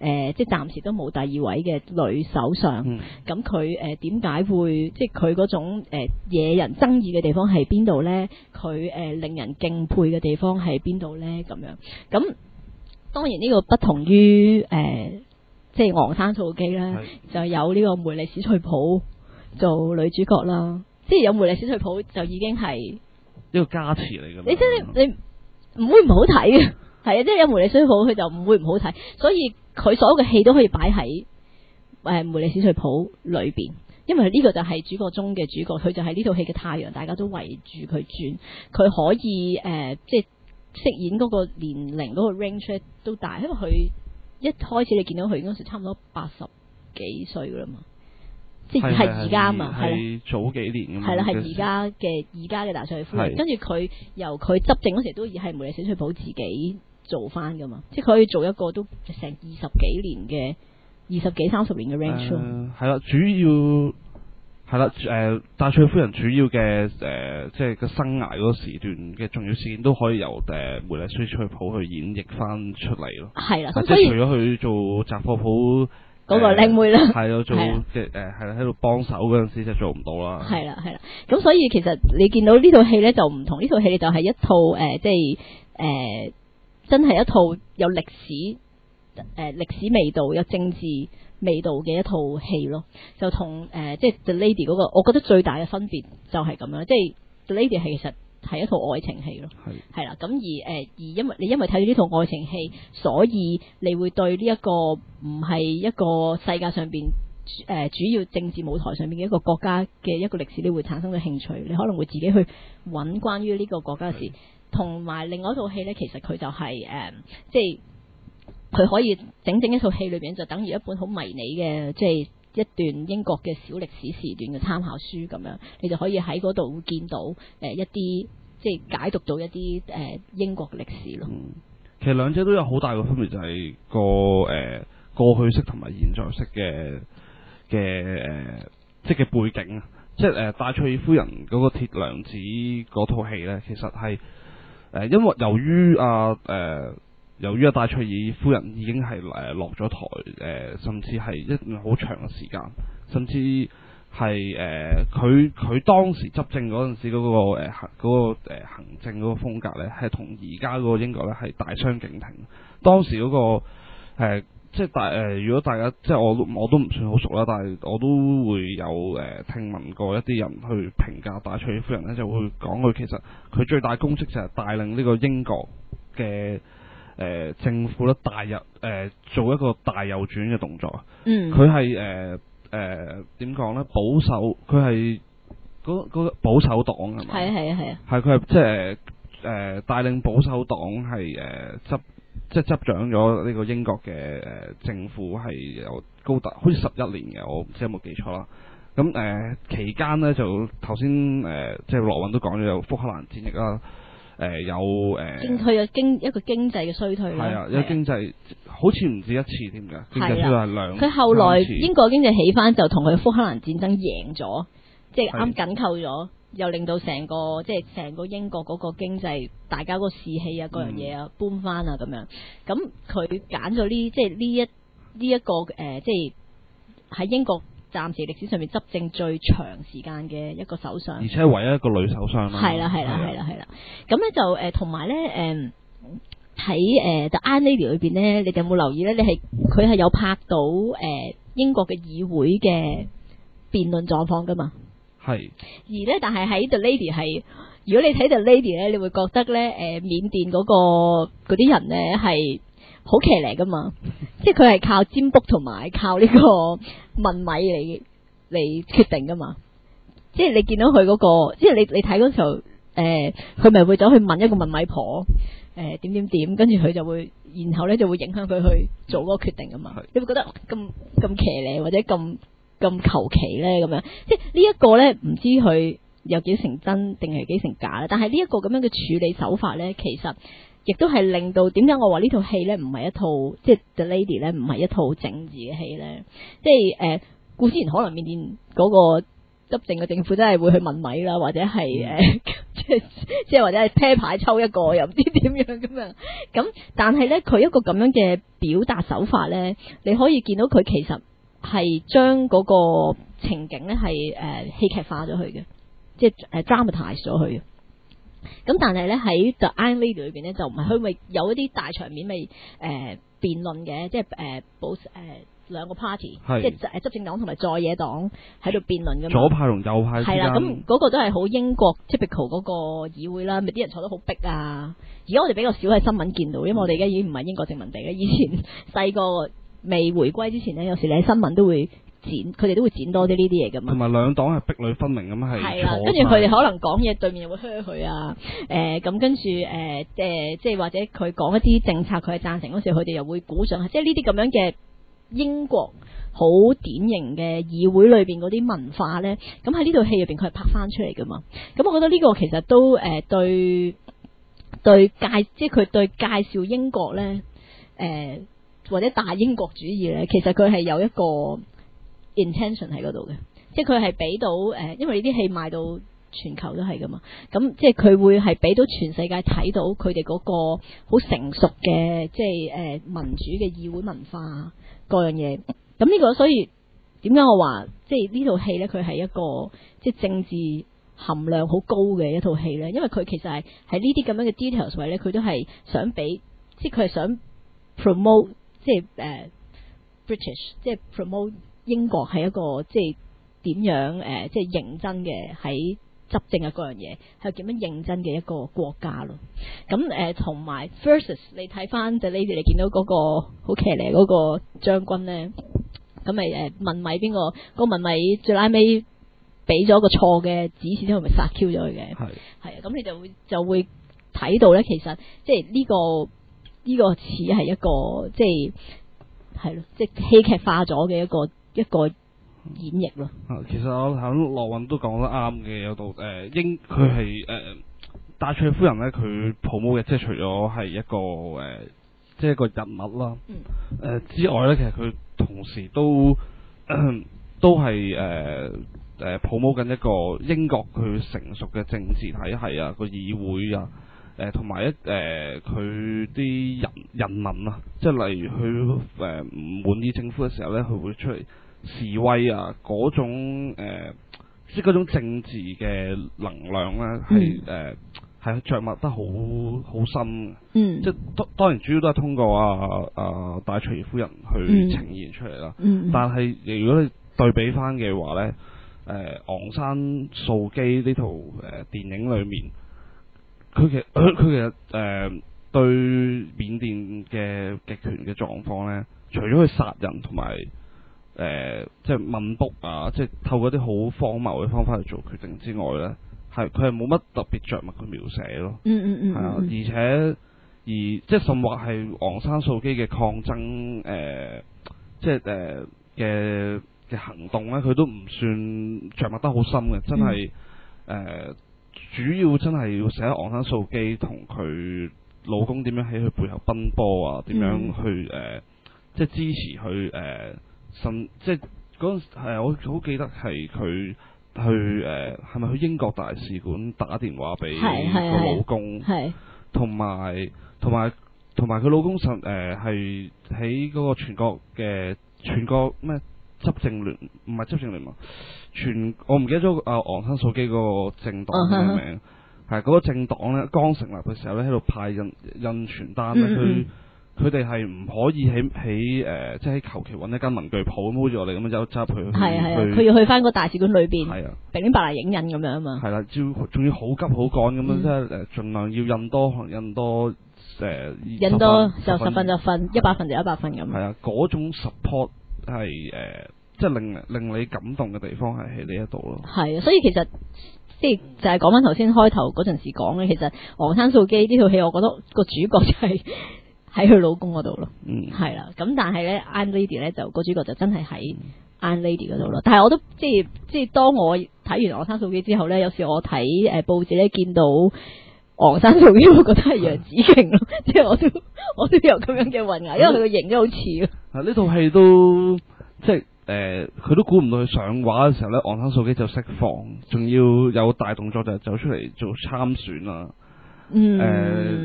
誒、呃，即係暫時都冇第二位嘅女首相。咁佢誒，點、呃、解會即係佢嗰種誒、呃、惹人爭議嘅地方係邊度咧？佢誒、呃、令人敬佩嘅地方係邊度咧？咁樣咁，當然呢個不同於誒、呃，即係昂山素姬咧，就有呢個梅麗史翠普做女主角啦。即係有梅麗史翠普就已經係呢個加持嚟噶。你真係你唔會唔好睇嘅，係啊，即係有梅麗史翠普，佢就唔會唔好睇，所以。佢所有嘅戲都可以擺喺誒《梅麗史翠普》裏邊，因為呢個就係主角中嘅主角，佢就係呢套戲嘅太陽，大家都圍住佢轉。佢可以誒、呃，即係飾演嗰個年齡嗰個 range 都大，因為佢一開始你見到佢嗰時差唔多八十幾歲噶啦嘛，即係而家啊嘛，係早幾年㗎嘛，係啦，係而家嘅而家嘅大帥夫，是的 跟住佢由佢執政嗰時都係《梅麗史翠普》自己。做翻噶嘛，即係可以做一個都成二十幾年嘅，二十幾三十年嘅 range。係啦，主要係啦，誒，戴卓爾夫人主要嘅誒，即係個生涯嗰個時段嘅重要事件都可以由誒梅麗史翠普去演繹翻出嚟咯。係啦，即係除咗去做雜貨鋪嗰個靚妹啦，係咯做嘅誒，係啦喺度幫手嗰陣時就做唔到啦。係啦係啦，咁所以其實你見到呢套戲咧就唔同呢套戲就係一套誒，即係誒。真係一套有歷史誒、呃、歷史味道、有政治味道嘅一套戲咯，就同誒、呃、即係 The Lady 嗰、那個，我覺得最大嘅分別就係咁樣，即係 The Lady 其實係一套愛情戲咯，係啦是，咁而誒、呃、而因為你因為睇到呢套愛情戲，所以你會對呢一個唔係一個世界上邊誒、呃、主要政治舞台上面嘅一個國家嘅一個歷史，你會產生咗興趣，你可能會自己去揾關於呢個國家嘅事。同埋另外一套戲呢，其實佢就係、是、誒、嗯，即係佢可以整整一套戲裏邊，就等於一本好迷你嘅，即係一段英國嘅小歷史時段嘅參考書咁樣。你就可以喺嗰度會見到誒、嗯、一啲，即係解讀到一啲誒、嗯、英國嘅歷史咯、嗯。其實兩者都有好大嘅分別，就係個誒過去式同埋現在式嘅嘅誒，即係背景啊。即係誒《戴卓爾夫人》嗰個鐵娘子嗰套戲呢，其實係。誒，因為由於啊，誒、呃，由於阿戴卓爾夫人已經係誒落咗台，誒、呃、甚至係一段好長嘅時間，甚至係誒佢佢當時執政嗰陣時嗰、嗰個誒、呃嗰個呃、行政嗰個風格咧，係同而家嗰個英國咧係大相徑庭。當時嗰、嗰個、呃即係大誒、呃，如果大家即係我我都唔算好熟啦，但係我都會有誒、呃、聽聞過一啲人去評價戴卓爾夫人咧，就會講佢其實佢最大功績就係帶領呢個英國嘅誒、呃、政府咧帶入誒、呃、做一個大右轉嘅動作。嗯。佢係誒誒點講呢？保守佢係嗰嗰保守黨係咪？係啊係啊，係佢係即係誒、呃、帶領保守黨係誒、呃、執。即係執掌咗呢個英國嘅政府係有高達好似十一年嘅，我唔知有冇記錯啦。咁誒、呃、期間咧，就頭先誒即係諾韻都講咗有福克蘭戰役啦，誒、呃、有誒。衰退嘅經一個經濟嘅衰退。係啊，一個經濟好似唔止一次添㗎，其實佢係兩。佢後來英國經濟起翻就同佢福克蘭戰爭贏咗，即係啱緊扣咗。又令到成個即係成個英國嗰個經濟，大家個士氣啊，嗰樣嘢啊，搬翻啊咁樣。咁佢揀咗呢即係呢一呢一個誒，即係喺、這個呃、英國暫時歷史上面執政最長時間嘅一個首相。而且唯一一個女首相啦、啊。係啦係啦係啦係啦。咁咧、啊啊啊啊啊、就誒同埋咧誒喺誒就 Iron Lady 裏邊咧，你哋有冇留意咧？你係佢係有拍到誒、呃、英國嘅議會嘅辯論狀況噶嘛？係，而咧，但係喺度，Lady 係，如果你睇到 Lady 咧，你會覺得咧，誒、呃，緬甸嗰、那個嗰啲人咧係好騎呢噶嘛， 嘛，即係佢係靠占卜同埋靠呢個問米嚟嚟決定噶嘛，即係你見到佢嗰、那個，即係你、那個、即你睇嗰時候，誒、呃，佢咪會走去問一個問米婆，誒、呃，點點點，跟住佢就會，然後咧就會影響佢去做嗰個決定噶嘛， 你會覺得咁咁騎呢或者咁？咁求其咧，咁樣即係呢一個咧，唔知佢有幾成真定係幾成假咧？但係呢一個咁樣嘅處理手法咧，其實亦都係令到點解我話呢套戲咧唔係一套即係 The Lady 咧唔係一套政治嘅戲咧？即係誒，呃、固然可能緬甸嗰個執政嘅政府真係會去問米啦，或者係誒，即係即係或者係啤牌抽一個，又唔知點樣咁樣。咁但係咧，佢一個咁樣嘅表達手法咧，你可以見到佢其實。係將嗰個情景咧係誒戲劇化咗佢嘅，即係誒、呃、dramatize 咗佢嘅。咁但係咧喺就《Iron Lady》裏邊咧就唔係，佢咪有一啲大場面咪誒辯論嘅，即係誒保誒兩個 party，是即係執政黨同埋在野黨喺度辯論㗎嘛。左派同右派、啊。係啦，咁嗰個都係好英國 typical 嗰個議會啦，咪啲人坐得好逼啊。而家我哋比較少喺新聞見到，因為我哋而家已經唔係英國殖民地啦。以前細個。未回歸之前呢，有時你喺新聞都會剪，佢哋都會剪多啲呢啲嘢噶嘛。同埋兩黨係壁壘分明咁係，係啦、啊。跟住佢哋可能講嘢，對面又會噓佢啊。誒、呃、咁跟住誒誒，即係或者佢講一啲政策，佢係贊成嗰時，佢哋又會鼓掌。即係呢啲咁樣嘅英國好典型嘅議會裏邊嗰啲文化呢。咁喺呢套戲入邊，佢係拍翻出嚟噶嘛。咁我覺得呢個其實都誒、呃、對對介，即係佢對介紹英國呢。誒、呃。或者大英國主義咧，其實佢係有一個 intention 喺嗰度嘅，即係佢係俾到誒，因為呢啲戲賣到全球都係㗎嘛，咁即係佢會係俾到全世界睇到佢哋嗰個好成熟嘅，即係誒民主嘅議會文化嗰樣嘢。咁呢個所以點解我話即係呢套戲咧，佢係一個即係政治含量好高嘅一套戲咧，因為佢其實係喺呢啲咁樣嘅 details 位咧，佢都係想俾即係佢係想 promote。即係誒、uh, British，即係 promote 英國係一個即係點樣誒，即係、uh, 認真嘅喺執政嘅嗰樣嘢，係點樣認真嘅一個國家咯。咁誒同埋 versus，你睇翻就你哋你見到嗰個好騎呢嗰個將軍咧，咁咪誒問米邊個？個問米最拉尾俾咗個錯嘅指示之後，咪殺 Q 咗佢嘅。係係咁，你就會就會睇到咧，其實即係呢個。呢個似係一個即係係咯，即係戲劇化咗嘅一個一個演繹咯、嗯。其實我諗諾韻都講得啱嘅，有到誒、呃、英佢係誒戴卓爾夫人咧，佢 promote 嘅，即係除咗係一個誒、呃、即係一個人物啦，誒、呃、之外咧，其實佢同時都都係誒誒 promote 緊一個英國佢成熟嘅政治體系啊，個議會啊。誒同埋一誒佢啲人人民啊，即係例如佢誒唔滿意政府嘅時候咧，佢會出嚟示威啊，嗰種、呃、即係嗰種政治嘅能量咧，係誒係著墨得好好深，嗯即，即係當當然主要都係通過阿阿戴卓爾夫人去呈現出嚟啦。嗯但係如果你對比翻嘅話咧，誒、呃《昂山素姬》呢套誒電影裡面。佢其佢佢其實誒對緬甸嘅極權嘅狀況咧，除咗佢殺人同埋誒即係問卜啊，即係透過啲好荒謬嘅方法去做決定之外咧，係佢係冇乜特別着墨嘅描寫咯。嗯嗯嗯。係、嗯嗯、啊，而且而即係甚或係昂山素姬嘅抗爭誒、呃，即係誒嘅嘅行動咧，佢都唔算着墨得好深嘅，真係誒。嗯嗯呃主要真係要寫昂山素姬，同佢老公點樣喺佢背後奔波啊？點樣去誒、呃，即係支持佢誒，甚、呃、即係嗰陣時、呃、我好記得係佢去誒，係、呃、咪去英國大使館打電話俾佢老公？係，同埋同埋同埋佢老公甚誒係喺嗰個全國嘅全國咩？執政聯唔係執政聯盟，全我唔記得咗啊昂山素姬嗰個政黨嘅名？係嗰個政黨咧，剛成立嘅時候咧，喺度派印印傳單咧，佢佢哋係唔可以喺喺誒，即係喺求其揾一間文具鋪咁，好似我哋咁樣，有即係佢去。係係啊，佢要去翻個大使館裏邊，係啊，俾白泥影印咁樣啊嘛。係啦，要仲要好急好趕咁樣，即係誒，儘量要印多可能印多誒。印多就十分就分，一百分就一百分咁。係啊，嗰種 support。係誒，即係令令你感動嘅地方係喺呢一度咯。係啊，所以其實即係就係講翻頭先開頭嗰陣時講嘅，其實《昂山素姬》呢套戲，我覺得個主角就係喺佢老公嗰度咯。嗯，係啦。咁但係咧，Iron Lady 咧就個主角就真係喺 Iron Lady 嗰度咯。但係我都即係即係當我睇完《昂山素姬》之後咧，有時我睇誒、呃、報紙咧見到。昂山素姬我覺得係楊紫瓊咯，即係我都我都有咁樣嘅混淆，因為佢個型、嗯、 都好似啊！呢套戲都即係誒，佢都估唔到佢上畫嘅時候咧，昂山素姬就釋放，仲要有大動作就走出嚟做參選啦。呃、嗯。誒誒、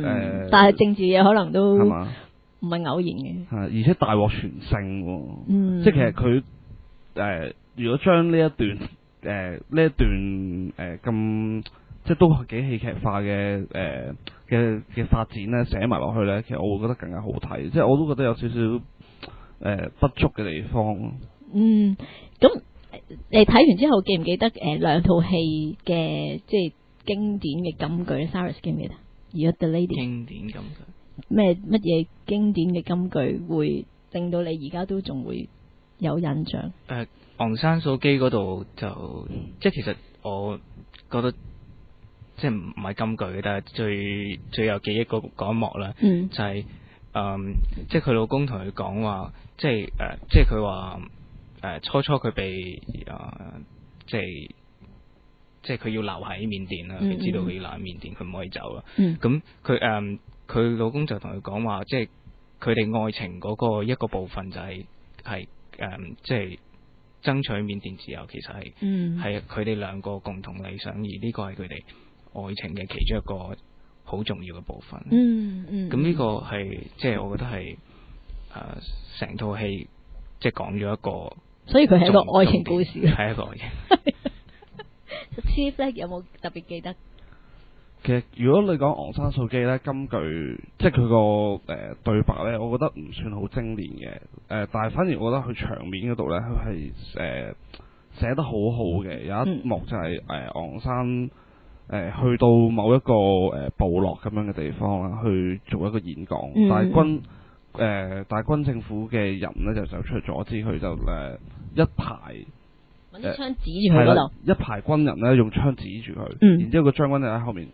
呃，但係政治嘢可能都唔係偶然嘅、嗯。然而且大獲全勝喎、哦。嗯。即係其實佢誒、呃，如果將呢一段誒呢、呃、一段誒咁。即係都係幾戲劇化嘅誒嘅嘅發展咧，寫埋落去咧，其實我會覺得更加好睇。即係我都覺得有少少誒不足嘅地方。嗯，咁你睇完之後記唔記得誒、呃、兩套戲嘅即係經典嘅金句咧？Cyrus，記唔記得，而家《The Lady》經典金句？咩乜嘢經典嘅金句會令到你而家都仲會有印象？誒，呃《昂山素姬》嗰度就即係其實我覺得。即係唔唔係金句，但係最最有記憶嗰一幕啦，嗯、就係、係、誒、嗯，即係佢老公同佢講話，即係誒、呃，即係佢話誒，初初佢被誒、呃，即係即係佢要留喺緬甸啦，佢知道佢要留喺緬甸，佢唔、嗯嗯、可以走啦。咁佢誒，佢、嗯、老公就同佢講話，即係佢哋愛情嗰個一個部分就係係誒，即係、嗯就係、爭取緬甸自由，其實係係佢哋兩個共同理想，而呢個係佢哋。愛情嘅其中一個好重要嘅部分。嗯嗯。咁、嗯、呢個係即係我覺得係誒成套戲即係講咗一個。所以佢係一個愛情故事。係一個愛情。Stephen 有冇特別記得？其實如果你講昂山素姬呢，根據即係佢個誒對白呢，我覺得唔算好精煉嘅。誒、呃，但係反而我覺得佢場面嗰度呢，佢係誒寫得好好嘅。嗯、有一幕就係、是、誒、呃、昂山。誒，去到某一個誒、呃、部落咁樣嘅地方啦，去做一個演講、嗯呃，大係軍誒，但軍政府嘅人呢就走出嚟阻止佢，就誒、呃、一排槍、呃、指住佢度，的嗯、一排軍人呢用槍指住佢，嗯、然之後個將軍就喺後面。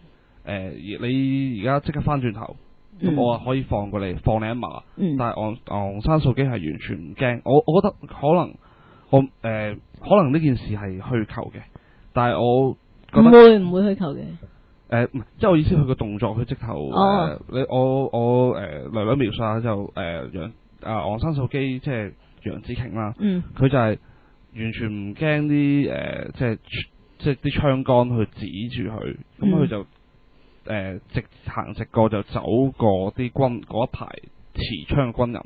誒、呃，你而家即刻翻轉頭，咁、嗯、我話可以放過你，放你一馬，嗯、但係昂昂山素姬係完全唔驚，我我，我覺得可能我誒、呃，可能呢件事係虛構嘅，但係我。唔會唔會去求嘅。誒、呃，唔即係我意思，佢個動作，佢直頭誒，你、呃哦、我我誒，略、呃、略描述下就誒楊、呃、啊，昂山素姬即係楊紫瓊啦。嗯。佢就係完全唔驚啲誒，即係即係啲槍桿去指住佢，咁佢就誒、呃、直行直過就走過啲軍嗰一排持槍嘅軍人，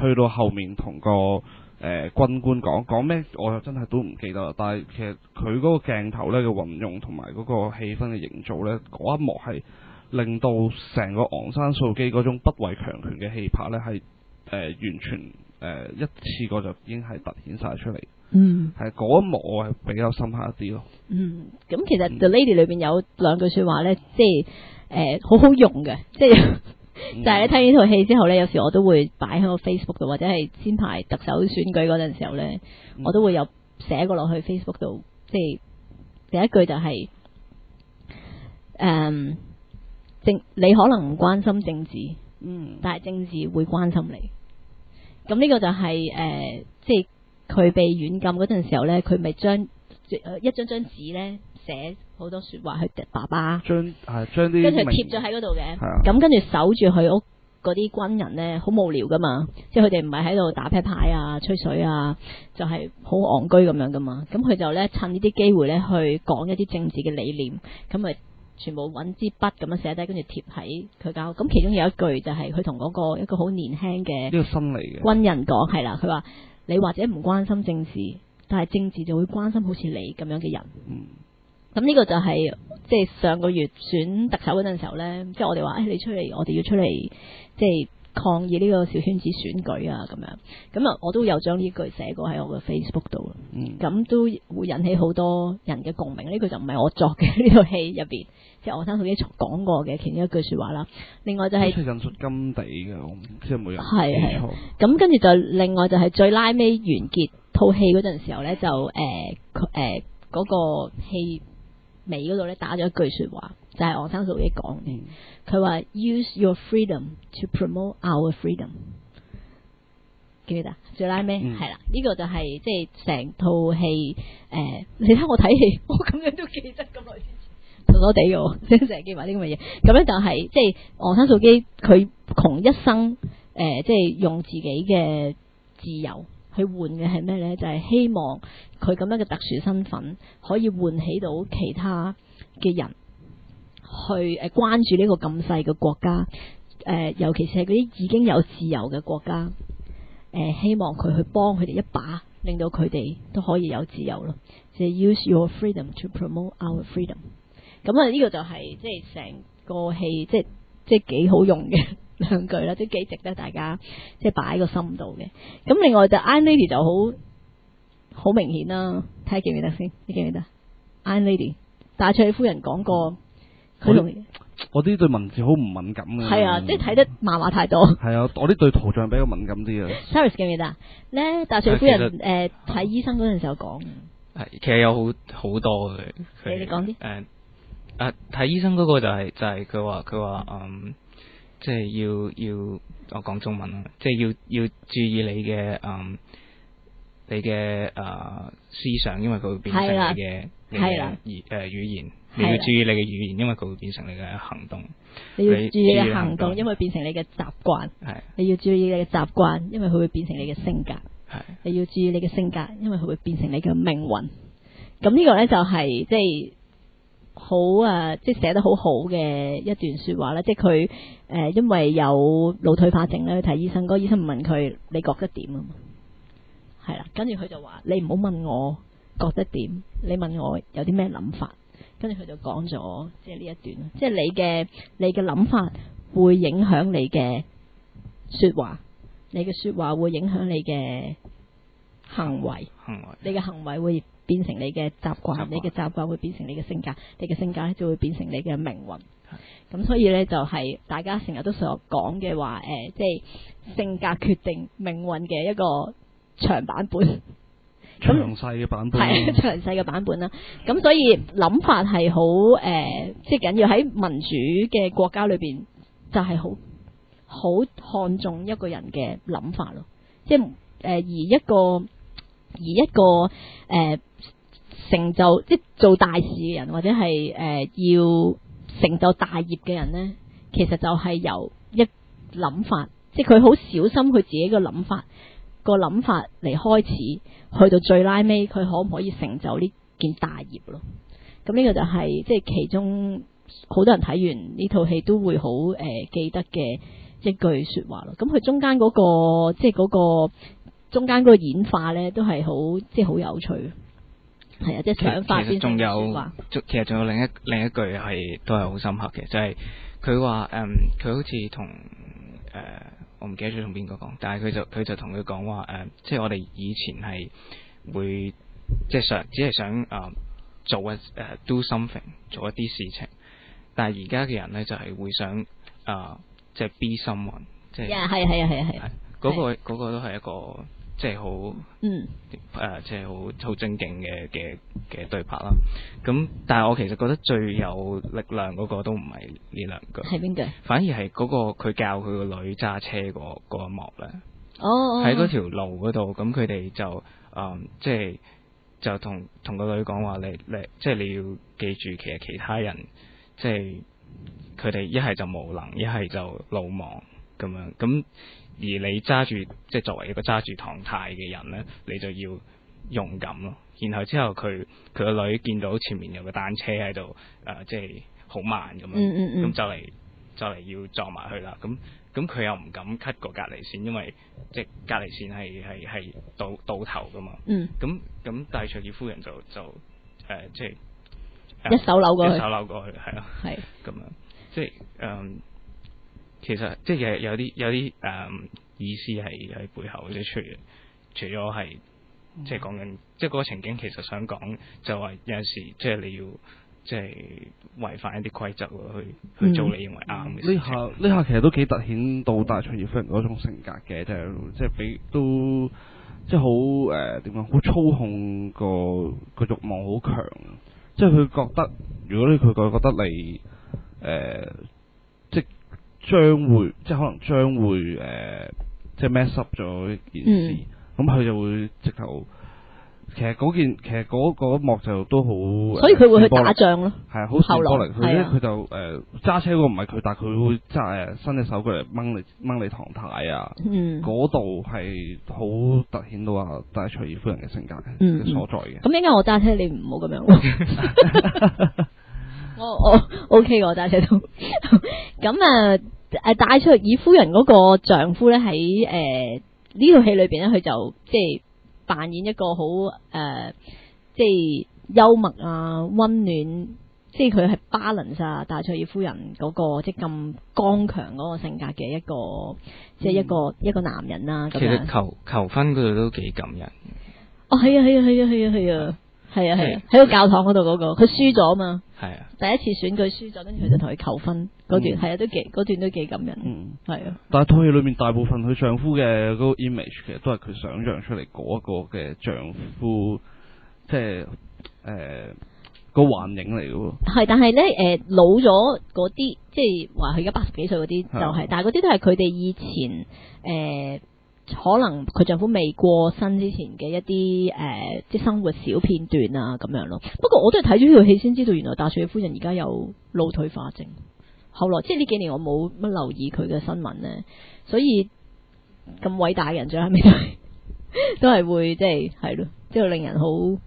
去到後面同個誒軍官講講咩，我又真係都唔記得啦。但係其實佢嗰個鏡頭嘅運用同埋嗰個氣氛嘅營造呢，嗰一幕係令到成個昂山素姬嗰種不畏強權嘅氣魄呢，係、呃、誒完全誒、呃、一次過就已經係突顯晒出嚟。嗯，係嗰一幕我係比較深刻一啲咯。嗯，咁其實就 The Lady 裏邊有兩句説話呢，即係誒好好用嘅，即係。就係你睇呢套戲之後咧，有時我都會擺喺個 Facebook 度，或者係先排特首選舉嗰陣時候咧，我都會有寫過落去 Facebook 度，即係第一句就係誒政，你可能唔關心政治，嗯，但係政治會關心你。咁呢個就係、是、誒，即係佢被軟禁嗰陣時候咧，佢咪將一一張張紙咧寫。好多説話去爹爸爸將係將啲，跟住貼咗喺嗰度嘅。係啊，咁跟住守住佢屋嗰啲軍人呢，好無聊㗎嘛。即係佢哋唔係喺度打啤牌啊、吹水啊，就係好戇居咁樣㗎嘛。咁佢就呢，趁呢啲機會呢，去講一啲政治嘅理念，咁咪全部揾支筆咁樣寫低，跟住貼喺佢間屋。咁其中有一句就係佢同嗰個一個好年輕嘅呢個新嚟嘅軍人講係啦。佢話、啊、你或者唔關心政治，但係政治就會關心好似你咁樣嘅人。嗯。咁呢個就係即係上個月選特首嗰陣時候呢，即係我哋話，誒，你出嚟，我哋要出嚟，即係抗議呢個小圈子選舉啊，咁樣。咁啊，我都有將呢句寫過喺我嘅 Facebook 度啦。嗯。咁都會引起好多人嘅共鳴。呢句就唔係我作嘅，呢套戲入邊，即係我聽佢啲講過嘅其中一句説話啦。另外就係。出銀出金地嘅，我唔知有冇人。係係。咁跟住就另外就係最拉尾完結套戲嗰陣時候呢，就誒誒嗰個戲。尾嗰度咧打咗一句說話，就係、是、昂山素機講嘅，佢話 Use your freedom to promote our freedom，記唔記得最拉咩？係啦、mm.，呢、這個就係即係成套戲誒、呃，你睇我睇戲，我咁樣都記得咁耐先，傻 傻地嘅我，成 日記埋啲咁嘅嘢。咁咧就係即係昂山素姬，佢窮一生誒，即、呃、係、就是、用自己嘅自由。佢換嘅係咩呢？就係、是、希望佢咁樣嘅特殊身份可以喚起到其他嘅人去誒關注呢個咁細嘅國家誒、呃，尤其是係嗰啲已經有自由嘅國家誒、呃，希望佢去幫佢哋一把，令到佢哋都可以有自由咯。就 Use your freedom to promote our freedom。咁啊，呢個就係即係成個戲，即係即係幾好用嘅。兩句啦，都幾值得大家即係擺喺個心度嘅。咁另外就 Iron Lady 就好好明顯啦，睇下見唔見得先？你見唔見得，得 Iron Lady？戴翠夫人講過，佢同我啲跟對文字好唔敏感嘅。係啊，即係睇得漫畫太多。係啊，我啲對圖像比較敏感啲啊。Sorry，見唔見得咧？戴翠夫人誒，睇實、呃、醫生嗰陣時候講。係，其實有好好、嗯、多嘅。你講啲誒、睇、啊啊、醫生嗰個就係就係佢話佢話嗯。嗯嗯即係要要我講中文啦，即係要要注意你嘅誒、嗯，你嘅誒、呃、思想，因為佢會變成你嘅嘅語誒語言。了你要注意你嘅語言，因為佢會變成你嘅行動。你要注意你嘅行動，因為會變成你嘅習慣。係的你要注意你嘅習慣，因為佢會變成你嘅性格。係的你要注意你嘅性格，因為佢會變成你嘅命運。咁的呢個咧就係、是、即係。好啊，即係寫得好好嘅一段說話咧，即係佢誒，因為有腦退化症咧，去睇醫生，嗰個醫生問佢你覺得點啊嘛，係啦，跟住佢就話你唔好問我覺得點，你問我有啲咩諗法，跟住佢就講咗即係呢一段，即係你嘅你嘅諗法會影響你嘅說話，你嘅說話會影響你嘅行為，行為，你嘅行為會。變成你嘅習慣，你嘅習慣會變成你嘅性格，你嘅性格咧就會變成你嘅命運。咁所以呢就、呃，就係大家成日都所講嘅話，誒，即係性格決定命運嘅一個長版本。詳細嘅版本係啊，詳細嘅版本啦。咁所以諗法係好誒，即係緊要喺民主嘅國家裏邊，就係好好看重一個人嘅諗法咯。即係誒，而一個而一個誒。呃成就即做大事嘅人，或者係誒、呃、要成就大業嘅人咧，其實就係由一諗法，即係佢好小心佢自己嘅諗法，個諗法嚟開始，去到最拉尾，佢可唔可以成就呢件大業咯？咁呢個就係、是、即係其中好多人睇完呢套戲都會好誒、呃、記得嘅一句說話咯。咁佢中間嗰、那個即係嗰、那個中間嗰個演化咧，都係好即係好有趣。係啊，即係想法先。其實仲有，其實仲有另一另一句係都係好深刻嘅，就係佢話誒，佢、嗯、好似同誒，我唔記得咗同邊個講，但係佢就佢就同佢講話誒，即係我哋以前係會即係想，只係想啊做一誒 do something，做一啲事情，但係而家嘅人咧就係會想啊，即、呃、係、即係、be someone，即係 Yeah,、呃。係啊，係啊，係啊。係嗰、嗰個是個都係一個。即係好、嗯呃，嗯，誒，即係好好正經嘅嘅嘅對白啦。咁，但係我其實覺得最有力量嗰個都唔係呢兩句，係邊句？反而係嗰個佢教佢個女揸車嗰一幕咧。哦，喺嗰條路嗰度，咁佢哋就誒、嗯，即係就同同個女講話，你你，即係你要記住，其實其他人，即係佢哋一係就無能，一係就魯莽咁樣咁。嗯嗯而你揸住即係作為一個揸住唐太嘅人咧，你就要勇敢咯。然後之後佢佢個女見到前面有個單車喺度，誒、呃、即係好慢咁樣，咁、嗯嗯嗯、就嚟就嚟要撞埋去啦。咁咁佢又唔敢 cut 過隔離線，因為即係隔離線係係係對對頭噶嘛。嗯。咁、嗯、咁、嗯嗯，但係戴卓爾夫人就就誒、呃、即係、呃、一手扭過去，一手扭過去係啊，係是。咁樣即係誒。呃其實即係有有啲有啲誒意思係喺背後，即係除除咗係即係講緊即係嗰個情景，其實想講就話有陣時即係你要即係違反一啲規則去去做你認為啱嘅。呢、嗯、下呢下其實都幾凸顯到戴卓爾夫人嗰種性格嘅，就係即係比都即係好誒點講？好、呃、操控、嗰個、嗰個慾望好強，即係佢覺得如果你佢覺覺得你誒。呃將會即係可能將會誒，即係 mess up 咗一件事，咁佢就會直頭。其實嗰件，其實嗰嗰幕就都好，所以佢會去打仗咯。係啊，好時過嚟佢就誒揸車嗰唔係佢，但係佢會揸誒伸隻手過嚟掹你掹你唐太啊！嗰度係好突顯到啊戴卓爾夫人嘅性格嘅所在嘅。咁應該我揸車，你唔好咁樣。我我 OK 我，揸車都，咁啊。誒，戴卓爾夫人嗰個丈夫咧喺誒呢套戲裏邊咧，佢就即係扮演一個好誒、呃，即係幽默啊、溫暖，即係佢係 balance 晒，戴卓爾夫人嗰、那個、嗯、即係咁剛強嗰個性格嘅一個，即係一個一個男人啦、啊。其實求求婚佢哋都幾感人。哦，係啊，係啊，係啊，係啊，係啊，係啊，喺個、啊啊、教堂嗰度嗰個，佢輸咗嘛。係啊，第一次選舉輸咗，跟住佢就同佢求婚嗰段，係啊、嗯、都幾嗰段都幾感人。嗯是的，係啊。但係套戲裏面大部分佢丈夫嘅嗰個 image 其實都係佢想象出嚟嗰個嘅丈夫，即係誒、呃，個幻影嚟嘅喎。但係咧誒，老咗嗰啲，即係話佢而家八十幾歲嗰啲就係、是，是的 但係嗰啲都係佢哋以前誒。呃可能佢丈夫未過身之前嘅一啲誒、呃、即生活小片段啊咁樣咯。不過我都係睇咗呢套戲先知道，原來大水夫人而家有腦退化症。後來即係呢幾年我冇乜留意佢嘅新聞咧，所以咁偉大嘅人最後係咪都係會即係係咯，即係令人好唏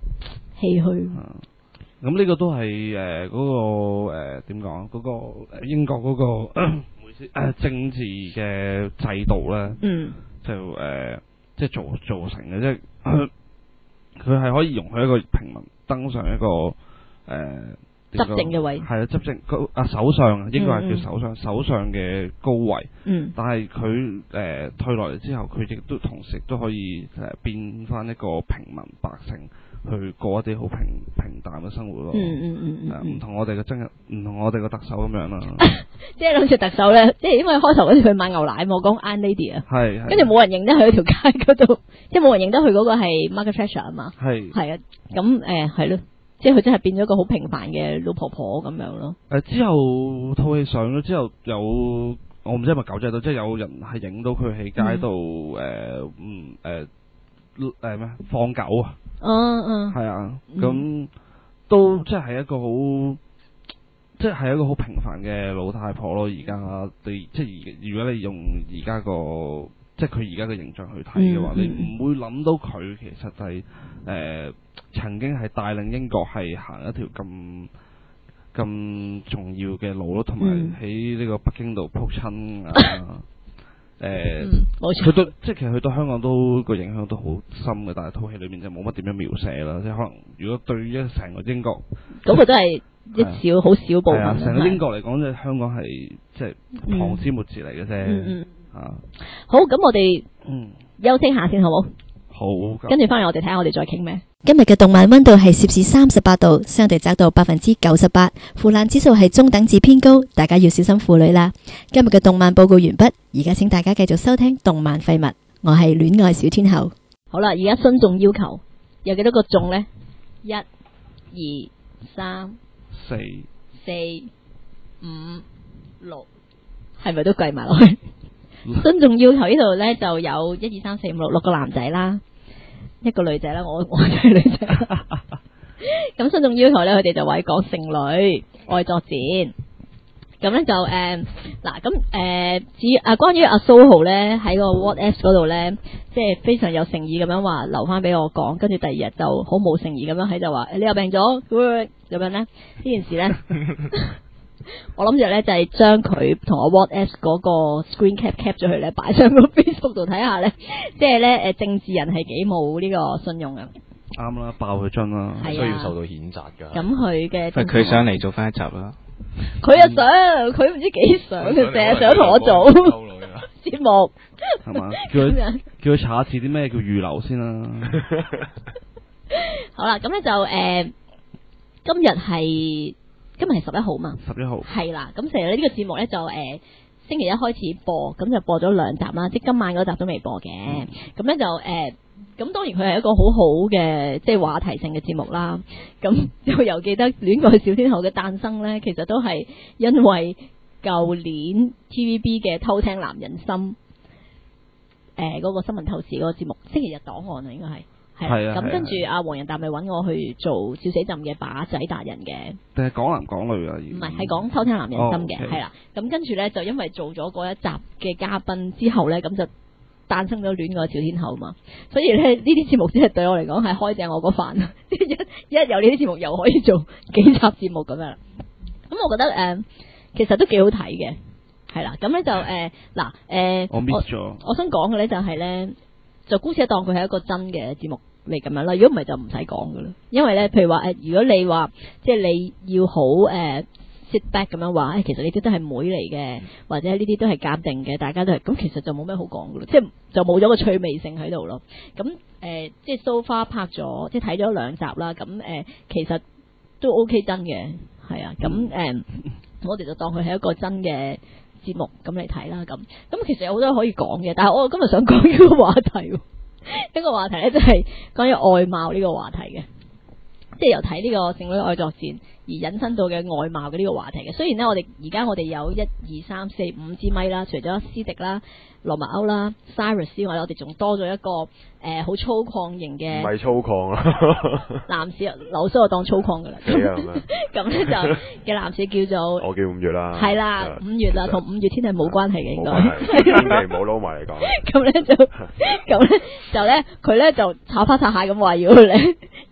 噓。咁呢個都係誒嗰個誒點講嗰個英國嗰個誒政治嘅制度咧。嗯。就誒、呃，即係造造成嘅，即係佢係可以容許一個平民登上一個誒、呃、執政嘅位，係啊執政高啊首相啊，應該係叫首相，首相嘅高位。嗯，但係佢誒退落嚟之後，佢亦都同時都可以誒變返一個平民百姓。去過一啲好平平淡嘅生活咯，唔、嗯嗯嗯啊、同我哋嘅今日，唔同我哋嘅特首咁樣咯。即係好似特首咧，即、就、係、是、因為開頭嗰陣去買牛奶，我講 Iron Lady 啊，係跟住冇人認得佢喺條街嗰度，即係冇人認得佢嗰個係 Margaret Thatcher 啊嘛，係係啊，咁誒係咯，即係佢真係變咗個好平凡嘅老婆婆咁樣咯。誒、嗯、之後套戲上咗之後有，我唔知係咪狗仔隊，即、就、係、是、有人係影到佢喺街度誒嗯誒誒咩放狗啊。嗯、uh, uh, 嗯，係啊，咁都即係一個好，即、就、係、是、一個好平凡嘅老太婆咯。而家你即係，如果你用而家個即係佢而家嘅形象去睇嘅話，嗯、你唔會諗到佢其實就係、是、誒、呃、曾經係帶領英國係行一條咁咁重要嘅路咯，同埋喺呢個北京度撲親啊！嗯 誒，冇錯，佢對即係其實佢對香港都個影響都好深嘅，但係套戲裏面就冇乜點樣描寫啦。即係可能如果對於成個英國，咁佢都係一少好少部分。成對個英國嚟講，即係對香港係即係旁枝末節嚟嘅啫。啊，好，咁我哋嗯休息下先，嗯、好冇？好，跟住翻嚟我哋睇下我哋再傾咩？今日嘅動漫温度係攝氏三十八度，相對濕度百分之九十八，腐爛指數係中等至偏高，大家要小心腐女啦。今日嘅動漫報告完畢，而家請大家繼續收聽動漫廢物，我係戀愛小天后。好啦，而家新眾要求有幾多個眾咧？一、二、三、四、四、五、六，係咪都計埋落去？新眾要求喺度咧，就有一二三四五六六個男仔啦。一個女仔啦，我我就係女仔。咁，孫總要求咧，佢哋就委講盛女愛作戰。咁咧就誒，嗱咁誒，至於，uh, 啊，uh, 關於阿蘇豪咧喺，個 WhatsApp 嗰度咧，即，就，係，是，非常有誠意咁樣話留翻俾我講，跟住第二日就好冇誠意咁樣喺度話，你又病咗，咁 樣咧，呢件事咧。 我諗住咧就係將佢同我 WhatsApp 嗰個 screen cap cap 咗佢咧，擺上個 Facebook 度睇下咧，即係咧誒，政治人係幾冇呢個信用啊！啱啦，爆佢樽啦，需要受到譴責噶咁佢嘅，佢想嚟做翻一集啦。佢啊想，佢唔知幾想，成日想同我做節目。係嘛？叫佢叫佢查一次啲咩叫預留先啦。好啦，咁咧就誒，今日係。今日係十一號嘛？十一號。係啦，咁成日呢個節目呢，就、呃、誒星期一開始播，咁就播咗兩集啦，即今晚嗰集都未播嘅。咁呢就誒，咁、呃、當然佢係一個好好嘅即係話題性嘅節目啦。咁又又記得《戀愛小天后》嘅誕生呢，其實都係因為舊年 TVB 嘅偷聽男人心誒嗰、呃那個新聞透視嗰個節目星期日檔案啊，應該係。係啊，咁跟住阿黃仁達咪揾我去做《笑死朕》嘅把仔達人嘅，定係港男港女啊？唔、嗯、係，係講偷聽男人心嘅，係啦、哦。咁跟住咧，就因為做咗嗰一集嘅嘉賓之後咧，咁就誕生咗戀愛小天后啊嘛。所以咧，呢啲節目真係對我嚟講係開正我個飯 一，一有呢啲節目又可以做幾集節目咁樣啦。咁我覺得誒、呃，其實都幾好睇嘅，係啦。咁咧就誒，嗱的，誒、呃，呃、我 miss 咗。我想講嘅咧就係、是、咧，就姑且當佢係一個真嘅節目。咪咁樣啦，如果唔係就唔使講嘅啦。因為咧，譬如話誒，如果你話即係你要好誒、uh, sit back 咁樣話，誒、哎、其實呢啲都係妹嚟嘅，或者呢啲都係鑑定嘅，大家都係咁，其實就冇咩好講嘅咯，即係就冇咗個趣味性喺度咯。咁誒、呃、即係 so far 拍咗即係睇咗兩集啦。咁誒、呃、其實都 OK 真嘅係啊。咁誒、 uh, 我哋就當佢係一個真嘅節目咁嚟睇啦。咁咁其實有好多可以講嘅，但係我今日想講呢個話題。 呢 個話題咧，就係關於外貌呢個話題嘅，即係由睇呢個《盛女愛作戰》而引申到嘅外貌嘅呢個話題嘅。雖然呢，我哋而家我哋有一二三四五支咪啦，除咗私敵啦，羅密歐啦 Cyrus 之外，我哋仲多咗一個誒，好粗獷型嘅，唔係粗獷啦，男士劉生我當粗獷㗎啦，咁咧就嘅男士叫做，我叫五月啦，係啦，五月啊，同五月天係冇關係嘅應該，你唔好撈埋嚟講，咁咧就，咁咧就咧，佢咧就炒翻炒下咁話要你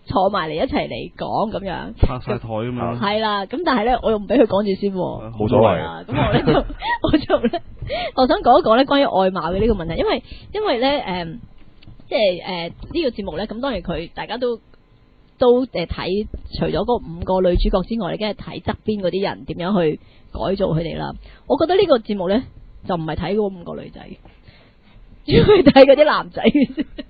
坐埋嚟一齊嚟講咁樣，拍晒台啊嘛，係啦，咁但係咧我又唔俾佢講住先，冇所謂，咁我咧就，我就咧，我想講一講咧關於我。外貌嘅呢個問題，因為因為咧，誒、呃，即係誒、呃這個，呢個節目咧，咁當然佢大家都都誒睇，除咗嗰五個女主角之外，你梗係睇側邊嗰啲人點樣去改造佢哋啦。我覺得個節呢個節目咧就唔係睇嗰五個女仔，要睇嗰啲男仔。Yeah.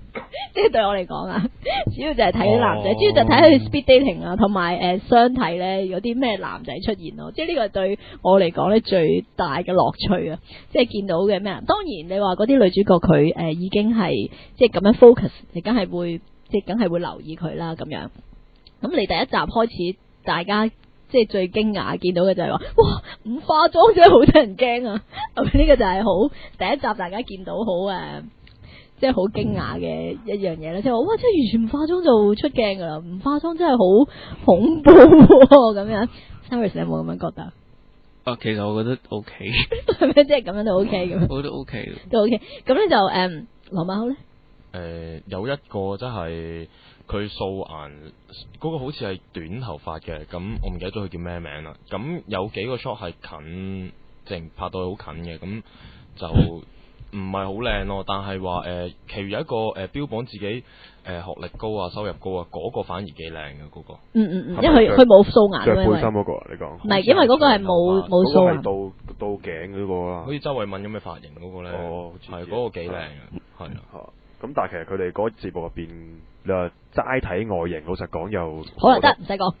即係 對我嚟講啊，主要就係睇啲男仔，oh。主要就睇佢 speed dating 啊，同埋誒相睇咧有啲咩男仔出現咯。即係呢個對我嚟講咧，最大嘅樂趣啊，即係見到嘅咩？當然你話嗰啲女主角佢誒、呃、已經係即係咁樣 focus，你梗係會即係梗係會留意佢啦。咁樣咁你第一集開始，大家即係最驚訝見到嘅就係話，哇，唔化妝真係好得人驚啊！呢、嗯這個就係好第一集大家見到好誒。呃即係好驚訝嘅一樣嘢啦，即係我哇，即係完全唔化妝就出鏡㗎啦，唔化妝真係好恐怖咁、啊、樣。Cyrus 有冇咁樣覺得？啊，其實我覺得 OK。係咪？即係咁樣都 OK 咁。我覺得 OK。都 OK。咁咧就誒、嗯，Romeo 咧。誒、呃，有一個即係佢素顏，嗰、那個好似係短頭髮嘅，咁我唔記得咗佢叫咩名啦。咁有幾個 shot 係近，即拍到好近嘅，咁就。 唔係好靚咯，但係話誒，其餘有一個誒、呃，標榜自己誒、呃、學歷高啊，收入高啊，嗰、那個反而幾靚嘅嗰個。嗯嗯嗯，因為佢冇素顏啊嘛。着背心嗰、那個啊，你講。唔係是，像因為嗰個係冇冇素顏到到頸嗰個啊。好似、嗯、周慧敏咁嘅髮型嗰、那個咧。哦，係嗰、那個幾靚，係啊、嗯。的咁但係其實佢哋嗰節目入邊，你話齋睇外形，老實講又可能得唔使講，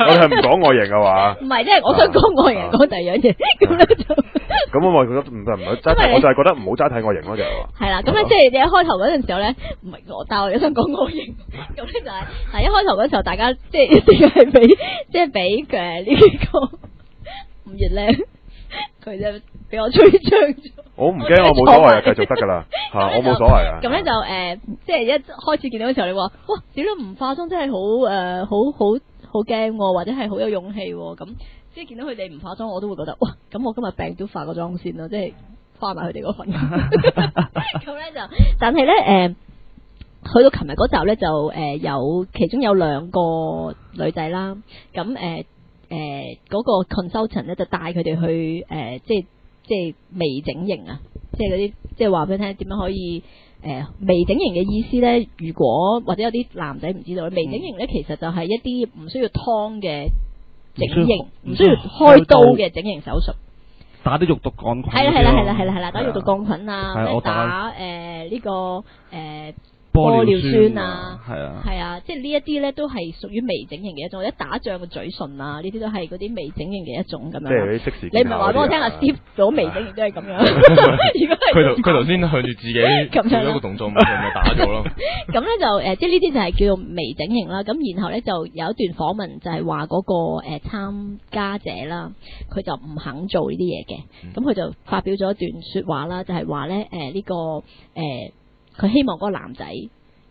我哋係唔講外形嘅話，唔係，即係我想講外形，講第二樣嘢就，咁咧就咁我嘛，得都唔係唔好齋，我就係覺得唔好齋睇外形咯，就係 啦。咁咧即係一開頭嗰陣時候咧，唔係我，但係我想講外形，咁咧就係，嗱，一開頭嗰時候大家即係一定係俾，即係俾誒、呢個五月咧，佢就俾我吹脹咗。我唔驚，我冇所謂啊，繼續得噶啦吓，我冇所謂啊。咁咧就，誒、呃，即係一開始見到嘅時候，你話，哇，點解唔化妝真係好誒、呃，好好好驚、哦，或者係好有勇氣、哦。咁，即係見到佢哋唔化妝，我都會覺得，哇，咁我今日病都化個妝先啦，即係化埋佢哋嗰份 呢。咁咧就，但係咧，誒，去到琴日嗰集咧，就，誒、呃，有其中有兩個女仔啦。咁，誒、呃，誒、呃，嗰、那個 consultant 咧就帶佢哋去，誒、呃，即係。即係微整形啊！即係嗰啲即係話俾你聽點樣可以誒微整形嘅意思咧？如果或者有啲男仔唔知道咧，微整形咧、嗯、其實就係一啲唔需要湯嘅整形，唔需，需要開刀嘅整形手術。打啲肉毒桿菌。係啦係啦係啦係啦係啦！打肉毒桿菌啊，打誒呢、呃呢個誒？呃玻尿酸啊，係啊，係啊，即係呢一啲咧都係屬於微整形嘅一種，一吧打仗嘅嘴唇啊，呢啲都係嗰啲微整形嘅一種咁樣。即係你唔係話俾我聽啊，啊？e 咗微整形都係咁樣。佢頭佢頭先向住自己做一個動作，咪打咗咯。咁 咧就誒、呃，即係呢啲就係叫做微整形啦。咁然後咧就有一段訪問就、那個，就係話嗰個誒參加者啦，佢就唔肯做呢啲嘢嘅。咁佢、嗯、就發表咗一段説話啦，就係話咧誒呢個誒。呃呃呃佢希望嗰個男仔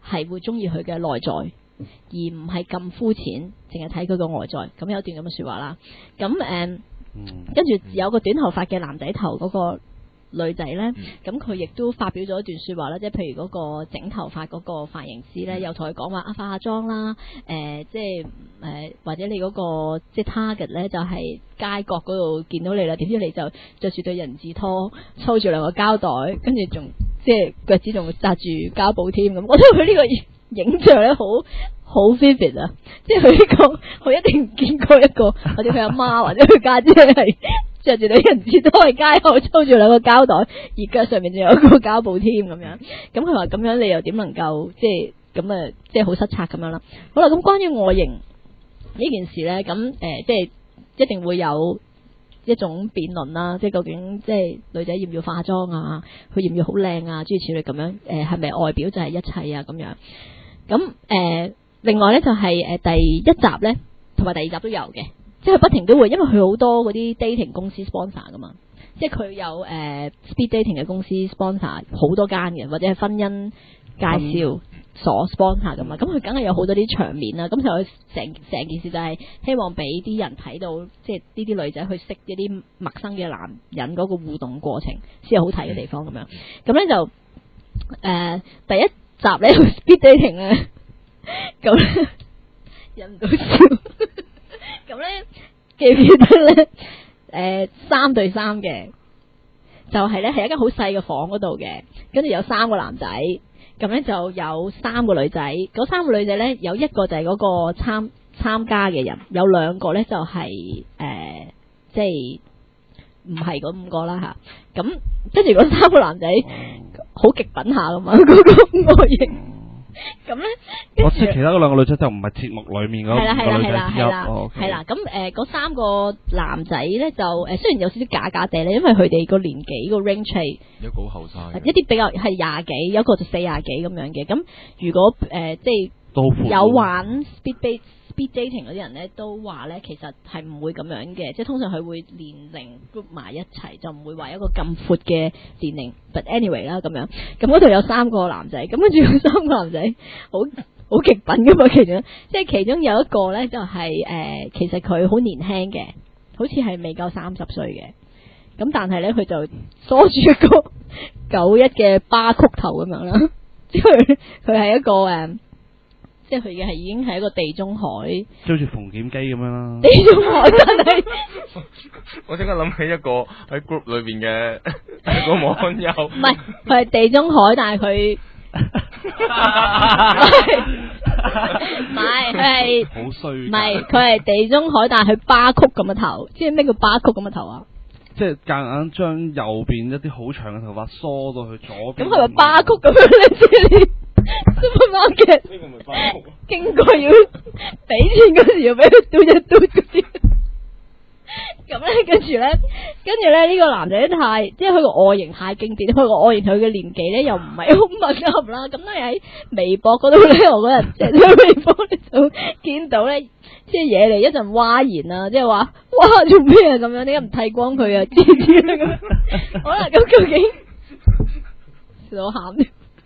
係會中意佢嘅內在，而唔係咁膚淺，淨係睇佢個外在。咁有一段咁嘅説話啦。咁誒，嗯嗯、跟住有個短頭髮嘅男仔頭嗰個女仔呢，咁佢亦都發表咗一段説話啦。即係譬如嗰個整頭髮嗰個髮型師呢，又同佢講話啊化下妝啦。誒、呃，即係誒、呃，或者你嗰、嗰個即係 target 呢，就係、係、街角嗰度見到你啦。點知你就着住對人字拖，抽住兩個膠袋，跟住仲即係腳趾仲紮住膠布添咁，我覺得佢呢個影像咧，好好 vivid 啊！即係佢呢個，我一定唔見過一個或者佢阿媽或者佢家姐係着住女人字拖喺街口，抽住兩個膠袋，而腳上面仲有一個膠布添咁樣。咁佢話咁樣你又點能夠即係咁啊？即係好失策咁樣啦。好啦，咁關於外形呢件事咧，咁誒、呃，即係一定會有，一種辯論啦，即係究竟即係女仔要唔要化妝啊？佢要唔要好靚啊？諸如此類咁樣，誒係咪外表就係一切啊？咁樣咁誒、呃，另外呢，就係、是、誒第一集呢，同埋第二集都有嘅，即係不停都會，因為佢好多嗰啲 dating 公司 sponsor 㗎嘛，即係佢有誒、呃、speed dating 嘅公司 sponsor 好多間嘅，或者係婚姻。介紹所 sponsor 咁啊，咁佢梗係有好多啲場面啦。咁就成成件事就係希望俾啲人睇到，即係呢啲女仔去識一啲陌生嘅男人嗰個互動過程先係好睇嘅地方咁樣。咁咧就誒、呃、第一集咧，speed dating 啊，忍唔到笑，咁 咧記唔記得咧？誒、呃，三對三嘅就係、是、咧，係一間好細嘅房嗰度嘅，跟住有三個男仔。咁咧就有三個女仔，嗰三個女仔呢，有一個就係嗰個參加嘅人，有兩個呢、就係，就係誒，即係唔係嗰五個啦吓，咁跟住嗰三個男仔好極品下㗎嘛，嗰、嗰個外形 咁咧，我知其他嗰兩個女仔就唔係節目裡面嗰個女仔之一，係啦，係啦，係啦，係啦，咁誒嗰三個男仔咧就誒、呃、雖然有少少假假哋，咧，因為佢哋個年紀 range 個 range 係一啲好後生，一啲比較係廿幾，有一個就四廿幾咁樣嘅。咁如果誒、呃、即係有玩 speed base。B dating 嗰啲人咧都話咧，其實係唔會咁樣嘅，即係通常佢會年齡 group 埋一齊，就唔會話一個咁闊嘅年齡。But anyway 啦，咁樣咁嗰度有三個男仔，咁跟住三個男仔，好好極品噶嘛，其中即係其中有一個咧就係、是、誒、呃，其實佢好年輕嘅，好似係未夠三十歲嘅。咁但係咧，佢就梳住個九一嘅巴曲頭咁樣啦，即佢係一個誒。嗯即係佢嘅係已經係一個地中海，做住馮建基咁樣啦。地中海真係， 我即刻諗起一個喺 group 裏邊嘅 一個網友。唔係 是，佢係 地中海，但係佢唔係，佢係好衰。唔係，佢係地中海，但係佢巴曲咁嘅頭。即係咩叫巴曲咁嘅頭啊？即係夾硬將右邊一啲好長嘅頭髮梳到去左邊。咁佢咪巴曲咁樣咧？即係。經過要俾錢嗰時要叮叮叮叮，要俾佢。堆一堆啲。咁咧，跟住咧，跟住咧，呢、這個男仔太，即係佢個外形太經典，佢個外形佢嘅年紀咧又唔係好密合啦。咁咧喺微博嗰度咧，我嗰日即微博咧就見到咧，即係惹嚟一陣嘩然啦，即係話嘩做咩啊？咁、就是、樣點解唔剃光佢、 嗯嗯、啊？好啦，咁究竟笑到喊？咁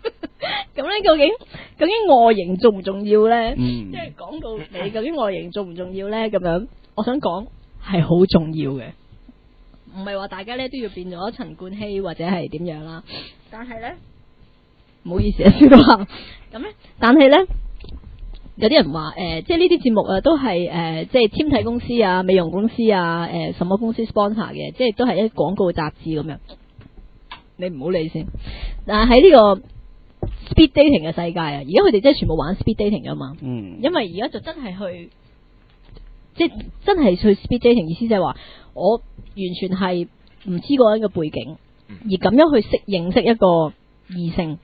咧， 究竟究竟外形重唔重要咧？嗯、即係講到你究竟外形重唔重要咧？咁樣，我想講係好重要嘅，唔係話大家咧都要變咗陳冠希或者係點樣啦。但係咧，唔好意思啊，笑到喊。咁咧，但係咧，有啲人話誒、呃，即係呢啲節目啊，都係誒、呃，即係纖體公司啊、美容公司啊、誒、呃，什麼公司 sponsor 嘅，即係都係一啲廣告雜誌咁樣。你唔好理先。嗱，喺呢個。speed dating 嘅世界啊，而家佢哋真係全部玩 speed dating 噶嘛，嗯、因為而家就真係去，即、就、係、是、真係去 speed dating，意思就係話我完全係唔知嗰人嘅背景，而咁樣去識認識一個異性，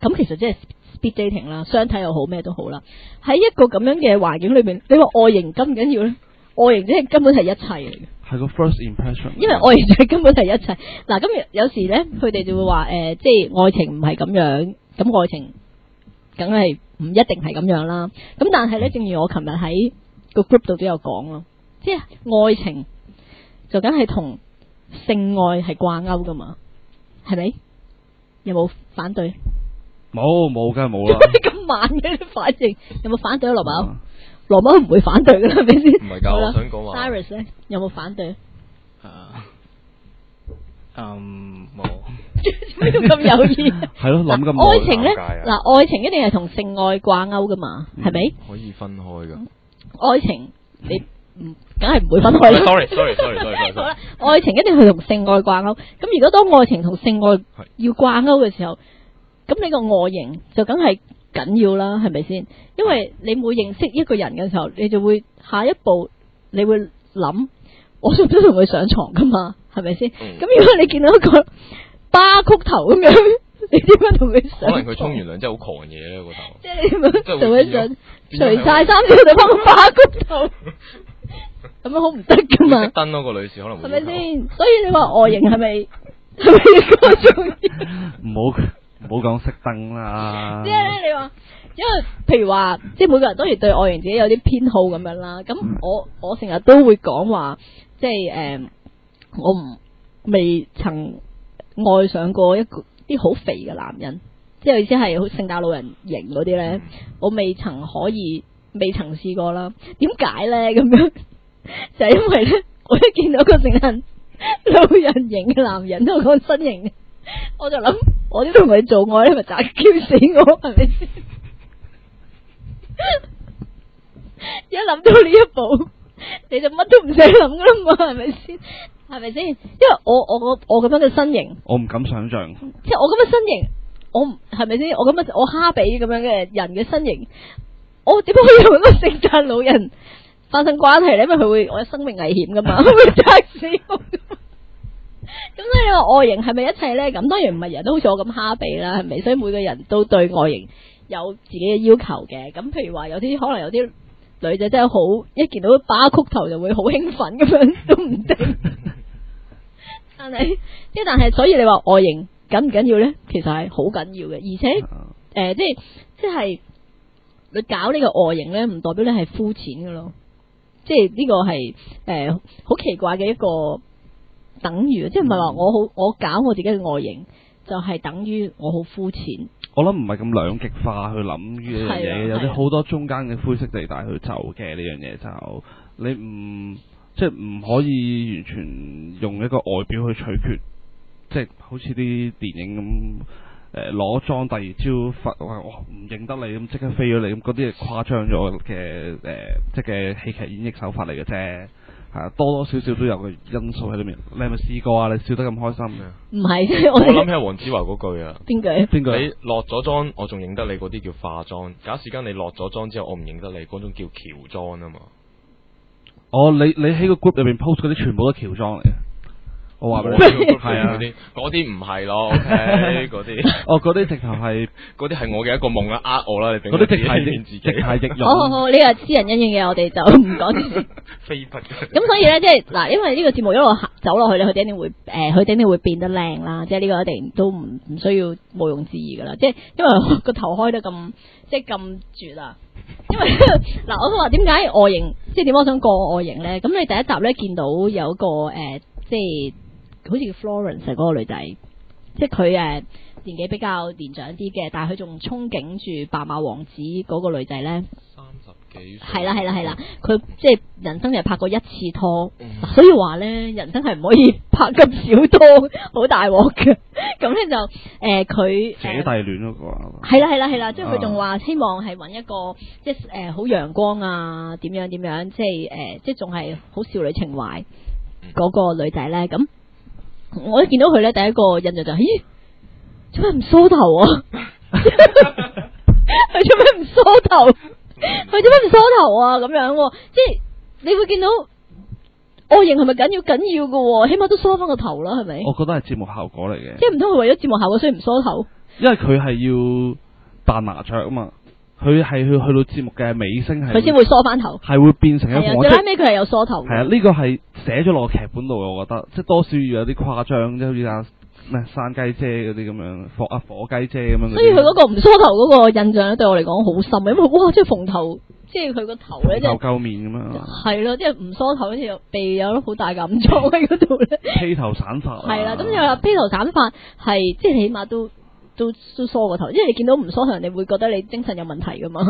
咁其實即係 speed dating 啦，相睇又好咩都好啦，喺一個咁樣嘅環境裏面，你話外形咁緊要咧，外形即係根本係一切嚟嘅，係個 first impression，因為外形係根本係一切。嗱，咁、嗯啊、有時咧，佢哋就會話誒，即、呃、係、就是、愛情唔係咁樣。咁愛情梗係唔一定係咁樣啦，咁但係咧，正如我琴日喺個 group 度都有講咯，即係愛情就梗係同性愛係掛鈎噶嘛，係咪？有冇反對？冇冇，梗係冇啦。咁慢嘅，反正有冇反對 Romeo？Romeo 唔會反對噶啦，係咪先？唔係教我想講話。Cyrus 咧，有冇反對？誒，嗯，冇。咩咁 有意？係咯， 諗咁多 愛情咧呢嗱，愛情一定係同性愛掛鈎噶嘛係咪可以分開噶愛情你唔梗係唔會分開啦。sorry，sorry，sorry，sorry。啦愛情一定係同性愛掛鈎。咁如果當愛情同性愛要掛鈎嘅時候，咁你個外形就梗係緊要啦，係咪先？因為你每認識一個人嘅時候，你就會下一步你會諗，我想唔想同佢上床噶嘛係咪先？咁如果你見到一個。巴曲頭咁樣，你點解同佢？可能佢沖完涼真係好狂嘢咧，嗰個頭 即係點樣？即係同佢上除晒衫之後，就翻個巴曲頭咁樣，好唔得噶嘛？熄燈咯，嗰個女士可能係咪先？所以你話外形係咪係咪？你最唔好唔好講熄燈啦。即係咧，你話因為譬如話，即係每個人都要對外形自己有啲偏好咁樣啦。咁我、嗯、我成日都會講話，即係誒、嗯，我唔未曾。愛上過一個啲好肥嘅男人，即係意思係好聖誕老人型嗰啲咧，我未曾可以，未曾試過啦。點解咧咁樣？就係因為咧，我一見到個聖誕老人型嘅男人，我講身形，我就諗，我啲度唔係做愛，你咪炸 Q 死我，係咪先？ 一諗到呢一步，你就乜都唔使諗啦嘛，係咪先？係咪先？因為我我我咁樣嘅身,身形，我唔敢想象。即係我咁嘅身形，我係咪先？我咁嘅我蝦比咁樣嘅人嘅身形，我點解可以同個聖誕老人發生關係咧？因為佢會我有生命危險噶嘛，咁所以你話外形係咪一切咧？咁當然唔係，人都好似我咁蝦比啦，係咪？所以每個人都對外形有自己嘅要求嘅。咁譬如話有啲可能有啲女仔真係好一見到巴曲頭就會好興奮咁樣，都唔定。 但係，即係但係，所以你話外形緊唔緊要咧？其實係好緊要嘅，而且誒、啊呃，即係即係你搞呢個外形咧，唔代表你係膚淺嘅咯。即係呢個係誒，好、呃、奇怪嘅一個等於，即係唔係話我好，我搞我自己嘅外形就，就係等於我好膚淺。我諗唔係咁兩極化去諗呢樣嘢，有啲好多中間嘅灰色地帶去走嘅呢樣嘢就你唔。即係唔可以完全用一個外表去取決，即係好似啲電影咁，誒、呃，攞妝第二朝發，我唔認得你咁即刻飛咗你咁，嗰啲係誇張咗嘅，誒、呃，即係嘅戲劇演繹手法嚟嘅啫，係、啊、多多少少都有個因素喺裏面。你係咪試過啊？你笑得咁開心，啊？唔係，我諗起黃子華嗰句啊。邊句？邊句？你落咗妝，我仲認得你嗰啲叫化妝。假一時間你落咗妝之後，我唔認得你，嗰種叫喬妝啊嘛。哦，你你喺個 group 入邊 post 嗰啲全部都係喬裝嚟嘅。我話俾你係啊！嗰啲啲唔係咯，嗰啲哦啲直頭係嗰啲係我嘅一個夢啊！呃我啦，你頂唔住陰影自己， 直好 好好，呢、呢個私人恩怨嘅我哋就唔講。非分咁所以咧，即係嗱，因為呢個節目一路走落去咧，佢一定會誒，佢、呃、一定會變得靚啦。即係呢個一定都唔唔需要無庸置疑噶啦。即、就、係、是、因為個頭開得咁即係咁絕啊！因為嗱， 我話點解外形？即係點解我想講外形咧？咁你第一集咧見到有個誒，即、呃、係。就是好似叫 Florence 嗰個女仔，即係佢誒年紀比較年長啲嘅，但係佢仲憧憬住白馬王子嗰個女仔咧。三十幾歲。係啦，係啦，係啦，佢即係人生係拍過一次拖， 所以話咧人生係唔可以拍咁少拖，好大鑊嘅。咁咧就誒佢姐弟戀嗰個係啦，係啦，係啦，即係佢仲話希望係搵一個即係誒好陽光啊，點樣點樣，即係誒即係仲係好少女情懷嗰個女仔咧咁。我一見到佢咧，第一個印象就係、是、咦，做咩唔梳頭啊？佢做咩唔梳頭？佢做咩唔梳頭啊？咁樣即係你會見到外形係咪緊要緊要嘅、啊？起碼都梳翻個頭啦，係咪？我覺得係節目效果嚟嘅，即係唔通佢為咗節目效果所以唔梳頭？因為佢係要扮麻雀啊嘛。佢係去去到節目嘅尾聲，係佢先會梳翻頭，係會變成一個最拉尾，佢係有梳頭。係啊，呢個係寫咗落劇本度嘅，我覺得即係多少有啲誇張，即係好似啊，咩山雞姐嗰啲咁樣，火啊火雞姐咁樣。所以佢嗰個唔梳頭嗰個印象咧，對我嚟講好深，因為哇，即係蓬頭，即係佢個頭咧，頭就垢面咁樣。係咯，即係唔梳頭好似鼻有好大暗瘡喺嗰度咧。披 頭散髮係啦，咁又話披頭散髮係即係起碼都。都梳個頭，因為你見到唔梳頭，人哋會覺得你精神有問題㗎嘛？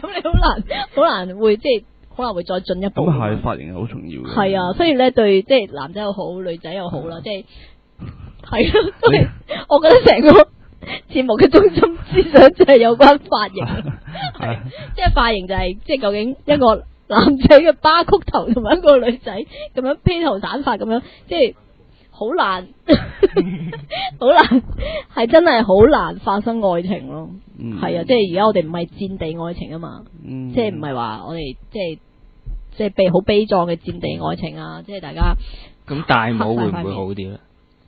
咁 你好難好難會即係好難會再進一步。咁係髮型好重要嘅。係啊，所以咧對即係、就是、男仔又好，女仔又好啦，即係係咯。我覺得成個節目嘅中心思想就係有關髮型，係即係髮型就係即係究竟一個男仔嘅巴曲頭同埋一個女仔咁樣披頭散髮咁樣，即、就、係、是。好很難，好 難，係真係好難發生愛情咯。係、嗯、啊，即係而家我哋唔係戰地愛情啊嘛，嗯、即係唔係話我哋即係即係悲好悲壯嘅戰地愛情啊，即係大家咁戴帽會唔會好啲咧？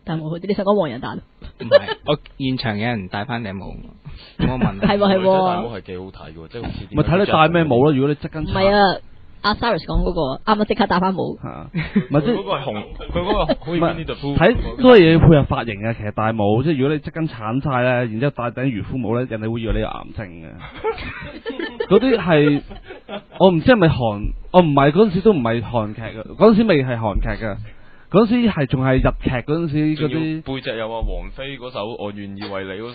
戴帽好啲，你想講黃人達？唔係，我現場有人戴翻頂帽。 帽我問，係係， 是是是戴帽係幾好睇嘅，即係唔係睇你戴咩帽咯？如果你真係唔係啊。 阿 Cyrus 講嗰個，啱啱即刻打翻帽。啊，唔係即嗰個係紅，佢嗰 個可以跟呢度鋪。睇都係要配合髮型嘅，其實戴帽即係如果你即跟鏟晒咧，然之後戴頂漁夫帽咧，人哋會以為你有癌症嘅。嗰啲係我唔知係咪韓，我唔係嗰陣時都唔係韓劇嘅，嗰陣時未係韓劇嘅，嗰陣時係仲係日劇嗰陣時嗰啲。背脊有啊，王菲嗰首《我願意為你》嗰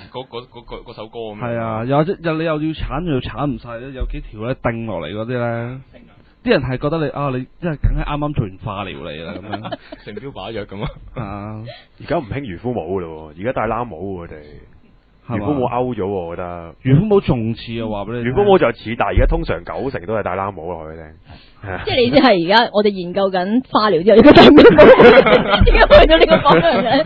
首歌咁 樣。係啊，又又你又要鏟又要鏟唔晒咧，有幾條咧定落嚟嗰啲咧。啲人係覺得你啊，你即係梗係啱啱做完化療嚟啦，咁 樣成標把藥咁啊！而家唔興漁夫帽噶咯，而家戴拉帽佢哋漁夫帽勾 u t 咗，我覺得漁夫帽仲似啊，話俾你，漁夫帽就似，但係而家通常九成都係戴拉帽咯，我話你聽。即係你即係而家，我哋研究緊化療之後，而家戴拉帽，點解去到呢個方向嘅、 嗯？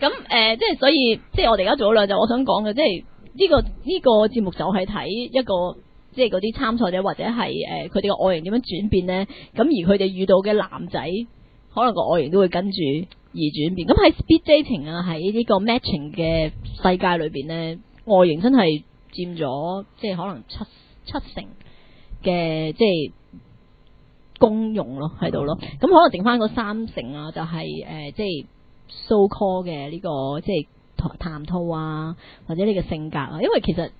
咁、呃、誒，即係所以，即係我哋而家做咗兩集，我想講嘅，即係呢個呢個節目就係睇一個。即係嗰啲參賽者或者係誒佢哋嘅外形點樣轉變咧？咁而佢哋遇到嘅男仔，可能個外形都會跟住而轉變。咁喺 speed dating 啊，喺呢個 matching 嘅世界裏邊咧，外形真係佔咗，即係可能七七成嘅即係功用咯，喺度咯。咁可能剩翻嗰三成啊，就係、是、誒、呃、即係 so call 嘅呢、呢個即係。談吐啊，或者你嘅性格啊，因為其實呢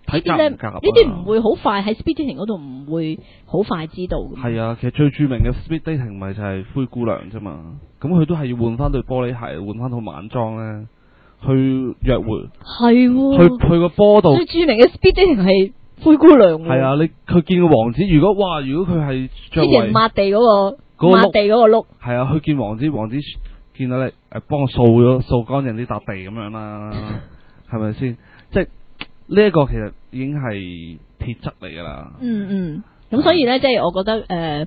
啲唔會好快喺 speed dating 嗰度唔會好快知道。係啊，其實最著名嘅 speed dating 咪就係灰姑娘啫嘛，咁佢都係要換翻對玻璃鞋，換翻套晚裝咧去約會。係、啊。去去個波度。最著名嘅 speed dating 係灰姑娘。係啊，你佢見個王子，如果哇，如果佢係。之前抹地嗰、嗰個。抹地嗰個碌。係啊，去見王子，王子，王子見到你。誒，幫我掃咗掃乾淨啲笪地咁樣啦，係咪先？即係呢一個其實已經係鐵質嚟噶啦。嗯嗯，咁所以呢，即係我覺得誒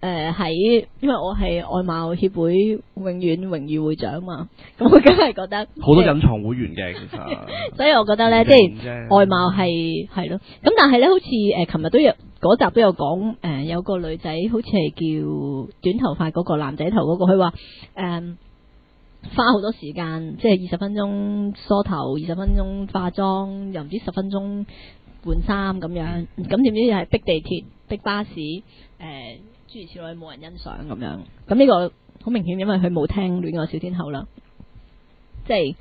誒喺，因為我係外貌協會永遠榮譽會長嘛，咁我梗係覺得好 多隱藏會員嘅其實。 所以我覺得呢，即係認外貌係係咯。咁但係呢，好似誒，琴日都有嗰集都有講，誒、呃，有個女仔好似係叫短頭髮嗰個男仔頭嗰個，佢話誒。花好多時間，即係二十分鐘梳頭，二十分鐘化妝，又唔知十分鐘換衫咁樣。咁點知又係逼地鐵、逼巴士？誒、呃，諸如此類，冇人欣賞咁樣。咁呢個好明顯，因為佢冇聽《戀愛小天后》啦。即係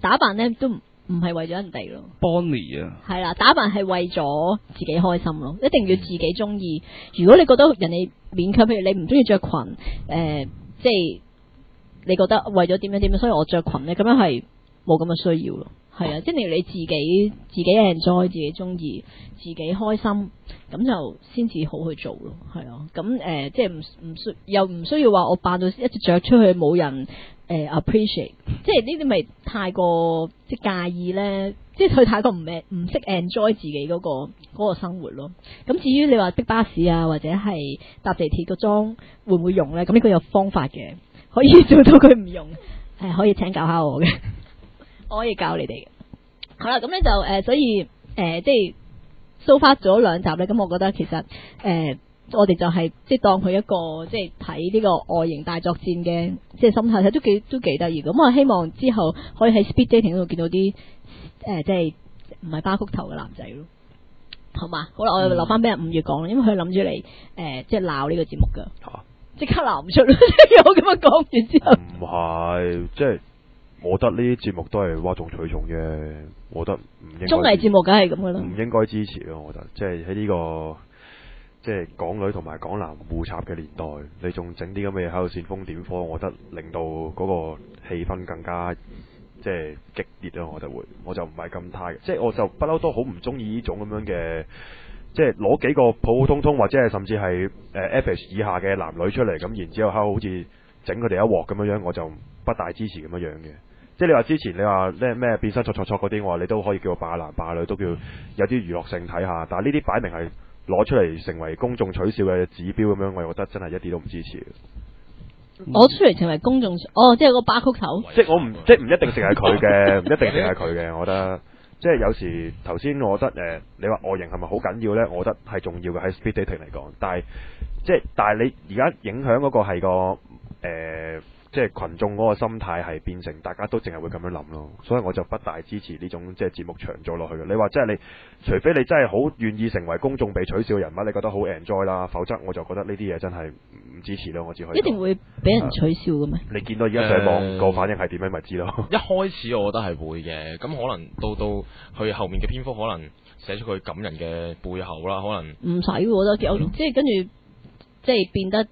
打扮呢，都唔係為咗人哋咯。b o n n i 啊，係啦，打扮係為咗自己開心咯，一定要自己中意。如果你覺得人哋勉強，譬如你唔中意着裙，誒、呃，即係。你覺得為咗點樣點樣，所以我着裙咧咁樣係冇咁嘅需要咯。係啊，即係你自己自己 enjoy，自己中意，自己開心咁就先至好去做咯。係啊，咁誒、呃、即係唔唔需又唔需要話我扮到一隻著出去冇人誒、呃、appreciate，即係呢啲咪太過即係介意咧，即係佢太過唔唔識 enjoy 自己嗰、嗰個嗰個生活咯。咁至於你話逼巴士啊，或者係搭地鐵個妝會唔會用咧？咁呢個有方法嘅。可以做到佢唔用，係可以請教下我嘅，我可以教你哋嘅。好啦，咁咧就誒，所以誒，即係 so far 做咗兩集咧，咁我覺得其實誒，我哋就係即係當佢一個即係睇呢個外形大作戰嘅，即係心態睇都幾都幾得意，咁我希望之後可以喺 speed dating 度見到啲誒，即係唔係巴禿頭嘅男仔咯，好嘛？好啦，我留翻俾阿五月講，因為佢諗住嚟誒，即係鬧呢個節目噶。即刻攬出咯！ 我咁樣講完之後，唔係，即係我覺得呢啲節目都係嘩眾取寵嘅。我覺得唔應該，綜藝節目梗係咁嘅啦，唔應該支持咯。我覺得，我覺得即係喺呢個即係港女同埋港男互插嘅年代，你仲整啲咁嘅嘢喺度煽風點火，我覺得令到嗰個氣氛更加即係激烈咯。我覺得會、就是，我就唔係咁太，即係我就不嬲都好唔中意呢種咁樣嘅。即係攞幾個普普通通或者係甚至係誒 F X 以下嘅男女出嚟咁，然之後，後好似整佢哋一鑊咁樣樣，我就不大支持咁樣樣嘅。即係你話之前你話咩咩變身挫挫挫嗰啲，我話你都可以叫做霸男霸女，都叫有啲娛樂性睇下。但係呢啲擺明係攞出嚟成為公眾取笑嘅指標咁樣，我係覺得真係一啲都唔支持。攞出嚟成為公眾哦，即係個八曲頭。 即係我唔即係唔一定淨係佢嘅，唔 一定淨係佢嘅，我覺得。即係有時頭先，我覺得誒、呃，你話外形係咪好緊要呢？我覺得係重要嘅喺 speed dating 嚟講，但係即係但係你而家影響嗰個係個、呃、即係群眾嗰個心態係變成大家都淨係會咁樣諗咯，所以我就不大支持呢種即係節目長做落去。你話即係你，除非你真係好願意成為公眾被取笑人物，你覺得好 enjoy 啦，否則我就覺得呢啲嘢真係。唔支持咯，我只可以。一定會俾人取笑嘅嘛，啊。你見到而家上網、呃、個反應係點樣，咪知咯。一開始我覺得係會嘅，咁可能到到佢後面嘅篇幅，可能寫出佢感人嘅背後啦，可能唔使我覺得、嗯哦、即係跟住即係變得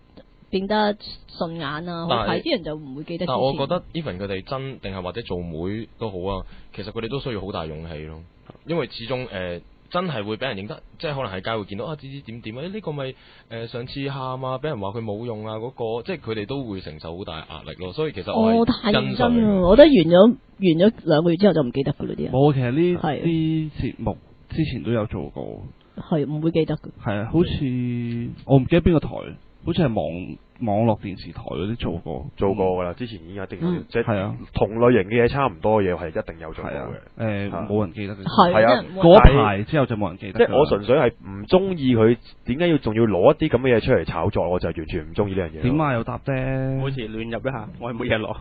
變得順眼啊！我睇啲人就唔會記得。但我覺得 Even 佢哋真定係或者做妹都好啊，其實佢哋都需要好大勇氣咯，因為始終誒。呃真係會俾人認得，即係可能喺街會見到啊，指指點點，啊。呢、欸這個咪誒、呃、上次喊啊，俾人話佢冇用啊嗰、嗰個，即係佢哋都會承受好大壓力咯。所以其實我係、哦、真，塞我覺得完咗完咗兩個月之後就唔記得嗰啲。冇，其實呢啲節目之前都有做過，係唔會記得嘅。係啊，好似、嗯、我唔記得邊個台，好似係網。網絡電視台嗰啲做過、嗯、做過噶啦，之前已經一定、嗯、即係啊，同類型嘅嘢差唔多嘅嘢係一定有做過嘅。誒，冇人記得係係對啊，排之後就冇人記得是。即係我純粹係唔中意佢，點解要仲要攞一啲咁嘅嘢出嚟炒作？我就完全唔中意呢樣嘢，啊。點解又搭啫？每次亂入一下，我係冇嘢攞。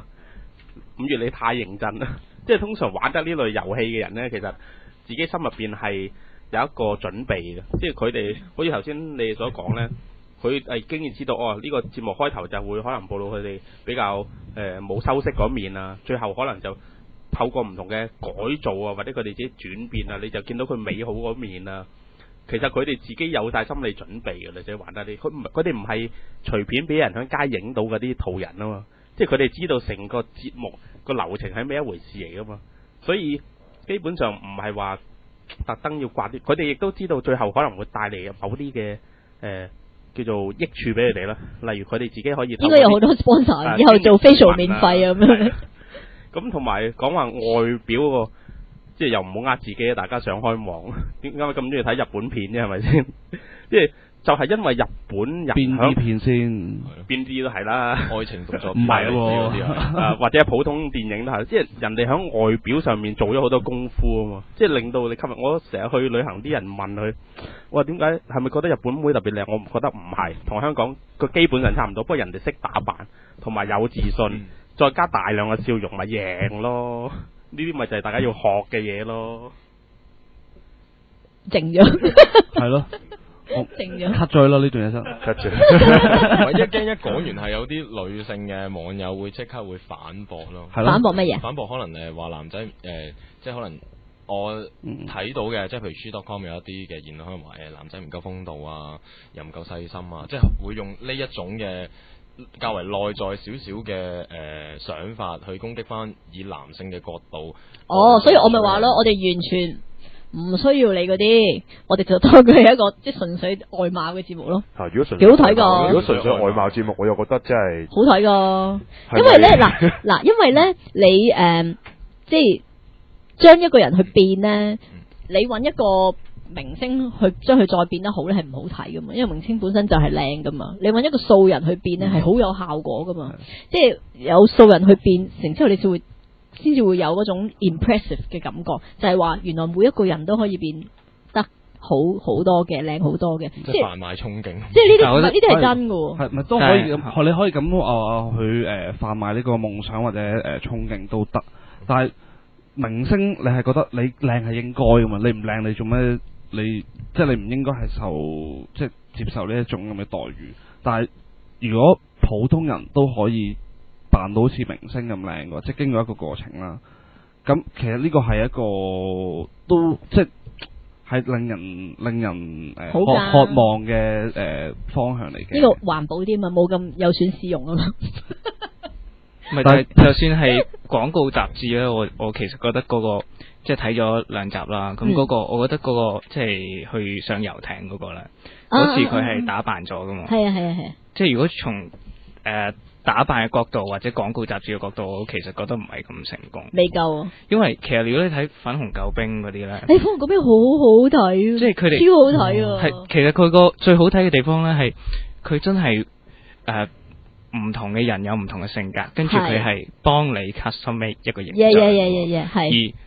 五月你太認真啦，即 係通常玩得呢類遊戲嘅人呢，其實自己心入邊係有一個準備嘅，即係佢哋，好似頭先你所講呢。 佢誒，經已知道哦，呢、這個節目開頭就會可能暴露佢哋比較誒冇、呃、修飾嗰面啊，最後可能就透過唔同嘅改造啊，或者佢哋自己轉變啊，你就見到佢美好嗰面啊。其實佢哋自己有曬心理準備嘅啦，即係話得你佢佢哋唔係隨便俾人喺街影到嗰啲途人啊嘛，即係佢哋知道成個節目個流程係咩一回事嚟噶嘛，所以基本上唔係話特登要掛啲，佢哋亦都知道最後可能會帶嚟某啲嘅誒。呃叫做益處俾佢哋啦，例如佢哋自己可以應該有好多 sponsor，然後做 facial 免費咁樣，啊。咁同埋講話外表、嗰個，即係又唔好呃自己啊！大家想開網，點解咁中意睇日本片啫？係咪先？即係。就係因為日本人，邊啲片先，邊啲都係啦。愛情動作片嗰啲啊，或者普通電影都係，即係人哋喺外表上面做咗好多功夫啊嘛，即係令到你吸引。我成日去旅行啲人問佢，我話點解係咪覺得日本妹特別靚？我唔覺得唔係，同香港個基本上差唔多，不過人哋識打扮，同埋有，有自信，再加大量嘅笑容咪贏咯。呢啲咪就係大家要學嘅嘢咯。靜咗，係咯。定咗 c u 啦呢段嘢先，cut 住。我一驚一講完，係有啲女性嘅網友會即刻會反駁咯，係咯？ 反駁乜嘢？反駁可能誒話男仔誒、呃，即係可能我睇到嘅，即係譬如 shu.com 有一啲嘅言論，可能話誒男仔唔夠風度啊，又唔夠細心啊，即係會用呢一種嘅較為內在少少嘅誒想法去攻擊翻以男性嘅角度。哦，能所以我咪話咯，我哋完全。唔需要你嗰啲，我哋就當佢係一個即係純粹外貌嘅節目咯。吓，如果純粹，好睇如果純粹外貌節目，我又覺得真係好睇噶 。因為咧，嗱嗱，因為咧，你誒、呃，即係將一個人去變咧，你揾一個明星去將佢再變得好咧，係唔好睇噶嘛。因為明星本身就係靚噶嘛，你揾一個素人去變咧，係好有效果噶嘛。 即係有素人去變成之後，你就會。先至會有嗰種 impressive 嘅感覺，就係話原來每一個人都可以變得好好多嘅，靚好多嘅，即係販賣憧憬，即係呢啲呢啲係真嘅，係咪都可以？你、嗯、可以咁，啊、啊、佢誒販賣呢個夢想或者誒、呃、憧憬都得，但係明星你係覺得你靚係應該嘅嘛？你唔靚你做咩？你即係、就是、你唔應該係受即係、就是、接受呢一種咁嘅待遇？但係如果普通人都可以。扮到好似明星咁靚嘅，即係經過一個過程啦。咁其實呢個係一個都即係令人令人誒渴的、啊呃、渴望嘅誒、呃、方向嚟嘅。呢個環保啲嘛，冇咁有損市容啊嘛 但係就算係廣告雜誌咧，我我其實覺得嗰、那個即係睇咗兩集啦。咁嗰、那個、嗯、我覺得嗰、那個即係、就是、去上遊艇嗰、那個咧，好似佢係打扮咗㗎嘛。係啊係啊係啊！嗯嗯、即係的的如果從誒。呃打扮嘅角度或者廣告雜誌嘅角度，我其實覺得唔係咁成功。未夠，啊。因為其實如果你睇粉紅救兵嗰啲咧，誒、哎，粉紅救兵好好好睇，啊，即係佢哋超好睇，啊。係、嗯，其實佢個最好睇嘅地方咧係，佢真係誒、唔、呃、同嘅人有唔同嘅性格，跟住佢係幫你 customize 一個形象。係。而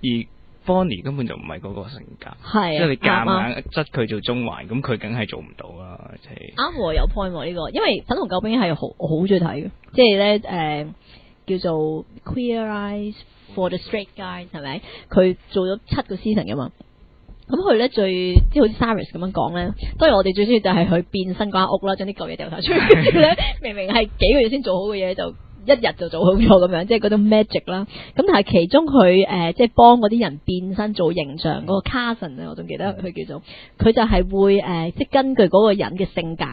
而 Bonnie 根本就唔係嗰個性格，即係、啊、你夾硬質佢做中環，咁佢梗係做唔到啦。啱喎，有 point 喎呢個，因為粉紅救兵係好好中意睇嘅，即係咧誒叫做 Queer Eyes for the Straight Guys 係咪？佢做咗七個 season 㗎嘛，咁佢咧最即係好似 Saris 咁樣講咧，當然我哋最中意就係佢變身嗰間屋啦，將啲舊嘢掉晒出嚟咧， 明明係幾個月先做好嘅嘢就。一日就做好咗咁樣，即係嗰種 magic 啦。咁但係其中佢誒，即係幫嗰啲人變身做形象嗰個 Carson 啊，我仲記得佢叫做佢就係會誒、呃，即係根據嗰個人嘅性格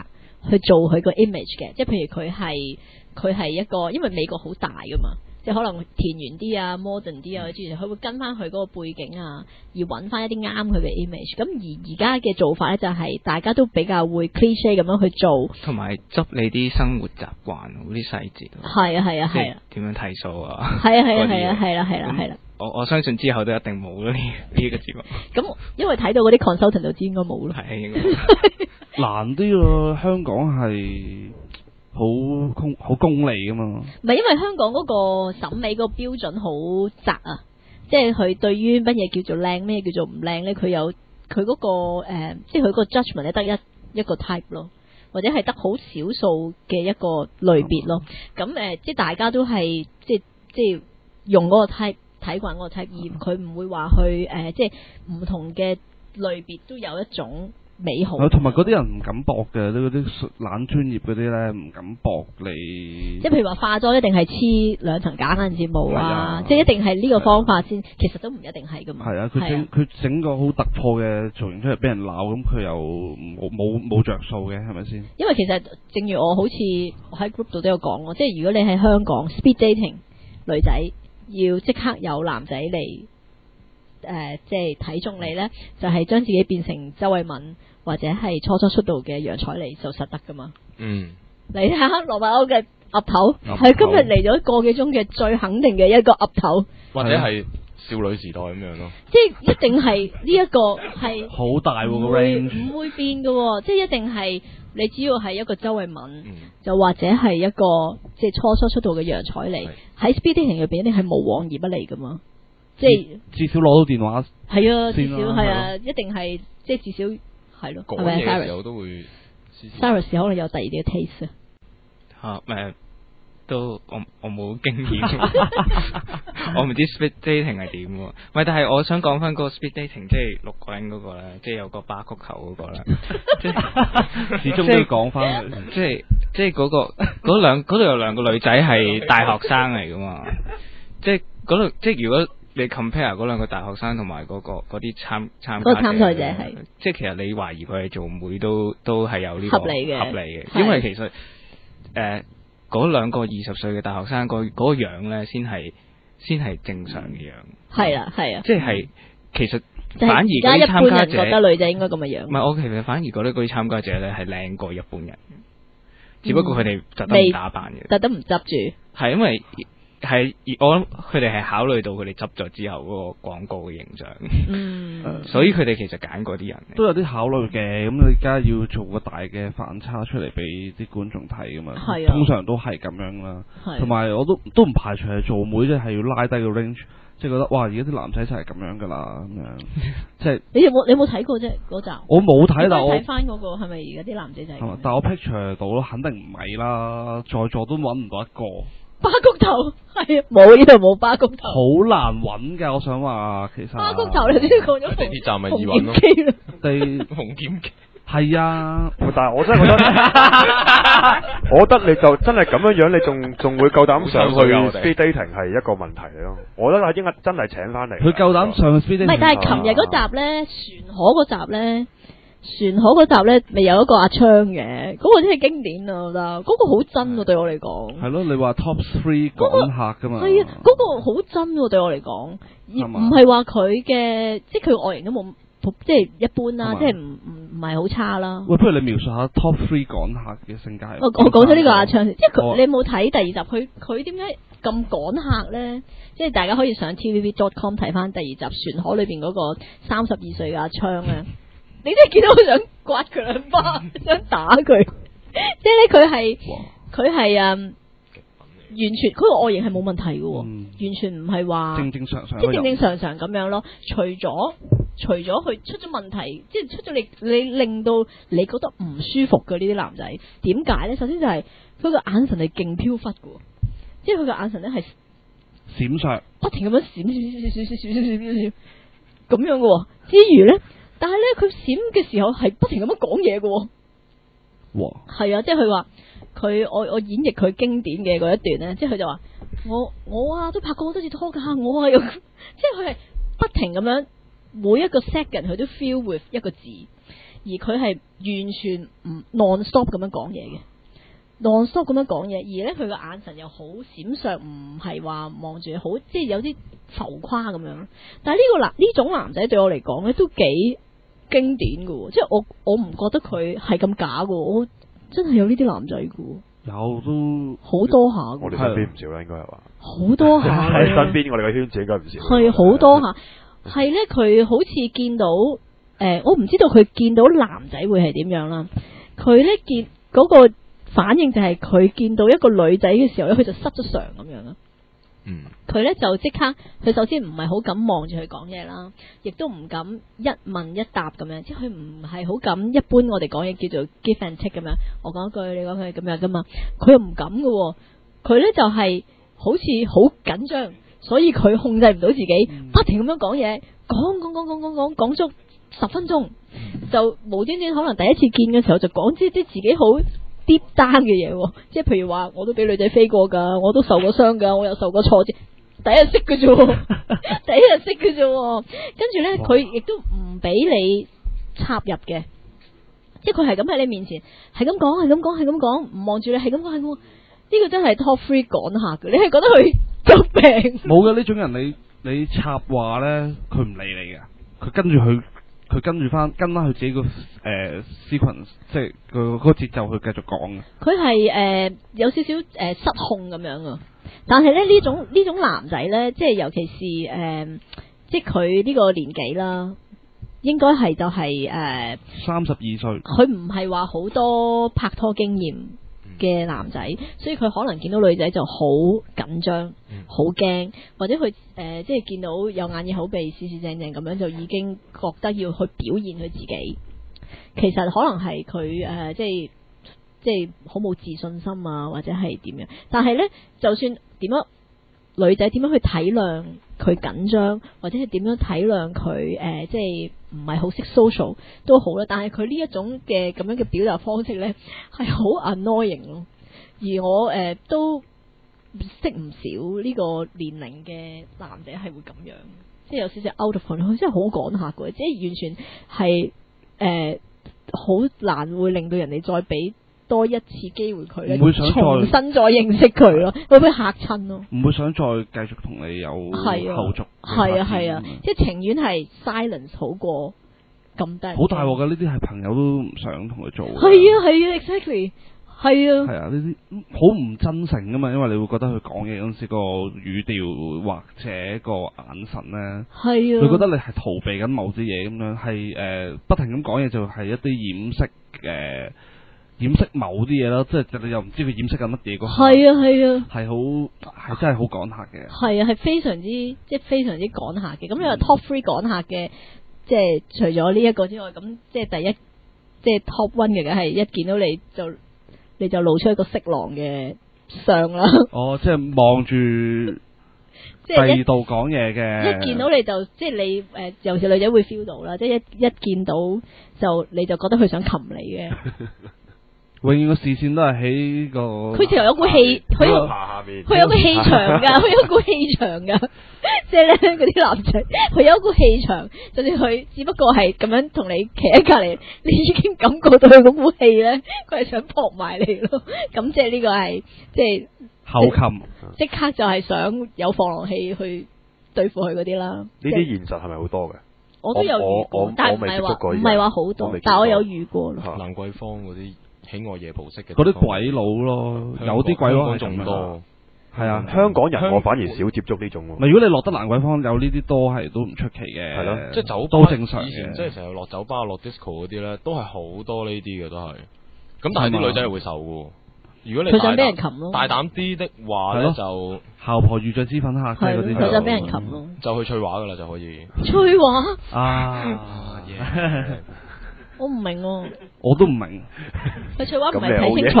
去做佢個 image 嘅。即係譬如佢係佢係一個，因為美國好大㗎嘛。即係可能田園啲啊、modern 啲啊，之前佢會跟翻佢嗰個背景啊，而揾翻一啲啱佢嘅 image。咁而而家嘅做法咧，就係大家都比較會 cliche 咁樣去做，同埋執你啲生活習慣嗰啲細節。係啊係啊係啊！點樣睇數啊？係啊係啊係啊係啦係啦係啦！我我相信之後都一定冇啦呢呢個節目。咁因為睇到嗰啲 consultant 就知應該冇啦，係應該難啲咯。香港係。好公好功利㗎嘛！唔係因為香港嗰個審美嗰個標準好窄啊，即係佢對於乜嘢叫做靚，咩叫做唔靚咧，佢有佢嗰、那個、呃、即係佢個 judgment 咧得一一個 type 咯，或者係得好少數嘅一個類別咯。咁誒、嗯呃，即係大家都係即係即係用嗰個 type 睇慣嗰個 type，而佢唔會話去誒，即係唔同嘅類別都有一種美好。同埋嗰啲人唔敢搏嘅，啲嗰啲懶專業嗰啲咧，唔敢搏你。即係譬如話化妝，一定係黐兩層假眼睫毛啊！啊，即係一定係呢個方法先，啊、其實都唔一定係噶嘛。係啊，佢整佢整個好突破嘅造型出嚟，俾人鬧，咁佢又冇冇冇着數嘅，係咪先？因為其實正如我好似喺 group 度都有講咯，即係如果你喺香港 speed dating 女仔，要即刻有男仔嚟。誒、呃，即係睇中你呢，就係、是、將自己變成周慧敏或者係初初出道嘅楊采妮就實得噶嘛？嗯，你睇下羅密歐嘅鴨頭，係頭今日嚟咗個幾鐘嘅最肯定嘅一個鴨頭，或者係少女時代咁樣咯，即係一定係呢一個係好大個 range，唔會變噶，即係一定係你只要係一個周慧敏，嗯、就或者係一個即係初，初初出道嘅楊采妮，喺 speeding 入邊一定係無往而不利噶嘛。即係至少攞到電話，係啊，至少係啊，一定係即係至少係咯、啊。講嘢嘅時候都會試試。Sara 可能有第二啲嘅 taste、嗯啊。啊。吓，誒，都我我冇經驗， 我唔知 speed dating 係點喎？唔但係我想講翻嗰 speed dating，即係六個人嗰、嗰個咧，即係有個巴曲球嗰、嗰個咧， 即係始終都要講翻。即係即係嗰個嗰度、嗰個、有兩個女仔係大學生嚟噶嘛？即係嗰度即係如果。你 compare 嗰兩個大學生同埋嗰個嗰啲參參加者，即係其實你懷疑佢係做媒都都係有呢個合理嘅、合理嘅，因為其實誒嗰兩個二十歲嘅大學生個嗰個樣咧，先係先係正常嘅樣。係啊係啊，即係其實反而嗰啲參加者覺得女仔應該咁嘅樣。唔係我其實反而覺得嗰啲參加者咧係靚過一般人，只不過佢哋特登唔打扮嘅，特登唔執住。係因為。係我諗佢哋係考慮到佢哋執咗之後嗰個廣告嘅形象，嗯、 所以佢哋其實揀過啲人都有啲考慮嘅。咁你而家要做個大嘅反差出嚟俾啲觀眾睇噶嘛，通常都係咁樣啦。同埋、啊、我都都唔排除係做妹，即、就、係、是、要拉低個 range，即係覺得哇！而家啲男仔就係咁樣噶啦，咁樣即係、就是、 你有冇你有冇睇過啫嗰集？我冇睇，但我睇翻嗰個係咪而家啲男仔就係？但我 picture 到咯，肯定唔係啦，在座都揾唔到一個。 .巴谷頭係啊，冇呢度冇巴谷頭，好難揾㗎。我想話其實巴谷頭你先講咗地鐵站咪易揾咯，地紅劍機係啊。但係我真係覺得，我覺得你就真係咁樣樣，你仲仲會夠膽上去嘅？Speed Dating 係一個問題咯。我覺得應該真係請翻嚟佢夠膽上 Speed Dating。唔係，但係琴日嗰集咧，船河嗰集咧。船河嗰集咧，咪有一個阿昌嘅，嗰、那個真係經典、那個、啊！的我覺得嗰個好真啊，對我嚟講。係咯嗎，你話 top three 趕客噶嘛？係嗰個好真喎，對我嚟講，唔係話佢嘅，即係佢外形都冇，即、就、係、是、一般啦、啊，嗎即係唔唔唔係好差啦、啊。喂，不如你描述下 top three 趕客嘅性格。我客我講咗呢個阿昌，即係、哦、你冇睇第二集，佢佢點解咁趕客咧？即係大家可以上 tvb.com 睇翻第二集船河裏邊嗰個三十二歲嘅阿昌咧。 你真係見到佢想刮佢兩巴，想打佢，即係咧佢係佢係啊，完全佢個外形係冇問題嘅，完全唔係話正正常常，即係正正常常咁樣咯。除咗除咗佢出咗問題，即係出咗力，你令到你覺得唔舒服嘅呢啲男仔，點解咧？首先就係佢個眼神係勁飄忽嘅，即係佢個眼神咧係閃爍，不停咁樣閃閃閃閃閃閃閃閃咁樣嘅。之餘咧。但係咧，佢閃嘅時候係不停咁樣講嘢嘅，係哇啊，即係佢話佢我我演繹佢經典嘅嗰一段咧，即係佢就話、是、我我啊都拍過好多次拖噶，我啊又即係佢係不停咁樣每一個 second 佢都 fill with 一個字，而佢係完全唔 nonstop 咁樣講嘢嘅，nonstop 咁樣講嘢，而咧佢個眼神又好閃爍，唔係話望住好，即係、就是、有啲浮誇咁樣。但係呢個男呢種男仔對我嚟講咧都幾。經典嘅，即係我我唔覺得佢係咁假嘅。我真係有呢啲男仔嘅，有都好多，多下。我哋身邊唔少啦應該係話，好多下喺身邊。我哋嘅圈子，應該唔少係好多下。係咧，佢好似見到誒，我唔知道佢見到男仔會係點樣啦。佢咧見嗰、那個反應就係佢見到一個女仔嘅時候咧，佢就失咗常咁樣啊。嗯，佢咧就即刻，佢首先唔係好敢望住佢講嘢啦，亦都唔敢一問一答咁樣，即係佢唔係好敢一般我哋講嘢叫做 give and take 咁樣。我講一句，你講佢係咁樣噶嘛，佢又唔敢噶喎。佢咧就係好似好緊張，所以佢控制唔到自己，不停咁樣講嘢，講講講講講講講足十分鐘，就無端端可能第一次見嘅時候就講，即即自己好啲單嘅嘢喎，即係、哦就是，譬如話，我都俾女仔飛過噶，我都受過傷噶，我又受過挫折，第一日識嘅啫，第一日識嘅啫，跟住咧，佢哇亦都唔俾你插入嘅，即係佢係咁喺你面前，係咁講，係咁講，係咁講，唔望住你，係咁講，係咁講，呢、這個真係 top three 講下嘅，你係覺得佢 有病？冇嘅呢種人你，你你插話咧，佢唔理你嘅，佢跟住佢。佢跟住翻跟翻佢自己個誒群，呃、sequence，即係佢嗰個節奏去繼續講嘅。佢係誒有少少誒、呃、失控咁樣啊！但係咧呢種呢種男仔咧，即係尤其是誒、呃、即係佢呢個年紀啦，應該係就係誒三十二歲。佢唔係話好多拍拖經驗。嘅男仔，所以佢可能見到女仔就好緊張、好驚，或者佢誒、呃，即係見到有眼耳口鼻，四四正正咁樣就已經覺得要去表現佢自己。其實可能係佢誒，即係即係好冇自信心啊，或者係點樣？但係呢，就算點樣，女仔點樣去體諒？佢緊張，或者係點樣體諒佢？誒、呃，即係唔係好識 social 都好啦。但係佢呢一種嘅咁樣嘅表達方式咧，係好 annoying 咯。而我誒、呃、都識唔少呢個年齡嘅男仔係會咁樣，即係有少少 out of control，即係好趕客嘅，即係完全係誒好難會令到人哋再俾多一次機會佢，唔會想重新再認識佢咯，會唔會吓親咯？唔會想再繼續同你有後續，係啊係啊，啊啊樣即係情願係 silence 好過咁低。好大鑊噶，呢啲係朋友都唔想同佢做。係啊係啊，exactly 係啊。係啊，呢啲好唔真誠噶嘛，因為你會覺得佢講嘢嗰陣時個語調或者個眼神呢，係啊，佢覺得你係逃避緊某啲嘢咁樣，係誒、呃、不停咁講嘢就係一啲掩飾誒。呃呃呃呃掩飾某啲嘢啦，即係你又唔知佢掩飾緊乜嘢嗰。係啊，係啊，係好係真係好趕客嘅。係啊，係非常之即係非常之趕客嘅，咁又係 top three 趕客嘅，即係除咗呢一個之外，咁即係第一，即係 top one 嘅係一見到你就你就露出一個色狼嘅相啦，哦，即係望住，即係第二度講嘢嘅，一見到你就即係你誒、呃、尤其是女仔會 feel 到啦，即係一一見到你就，就你就覺得佢想擒你嘅。 永遠個視線都係喺個佢成日有股氣，佢有佢有股氣場噶，佢有股氣場噶，即係咧啲男仔，佢有股氣場，就算佢只不過係咁樣同你企喺隔籬，你已經感覺到佢嗰股氣咧，佢係想撲埋你咯。咁即係呢個係即係後襟，即刻就係想有防狼器去對付佢嗰啲啦。呢啲現實係咪好多嘅？我都有遇過，但係唔係話好多，但係我有遇過啦。蘭桂坊啲。喜愛夜蒲式嘅嗰啲鬼佬咯，有啲鬼佬仲多，係啊！香港人我反而少接觸呢種。咪如果你落得蘭桂坊，有呢啲多係都唔出奇嘅，係咯，即係酒吧都正常。以前即係成日落酒吧、落 disco 嗰啲咧，都係好多呢啲嘅都係。咁但係啲女仔係會受噶。如果你想俾人擒咯，大膽啲的話咧，就姣婆遇着脂粉客嗰啲就就俾人擒咯，就去翠華噶啦就可以。翠華啊！我唔明、啊，我都唔明。阿翠華唔係你、就是是是哦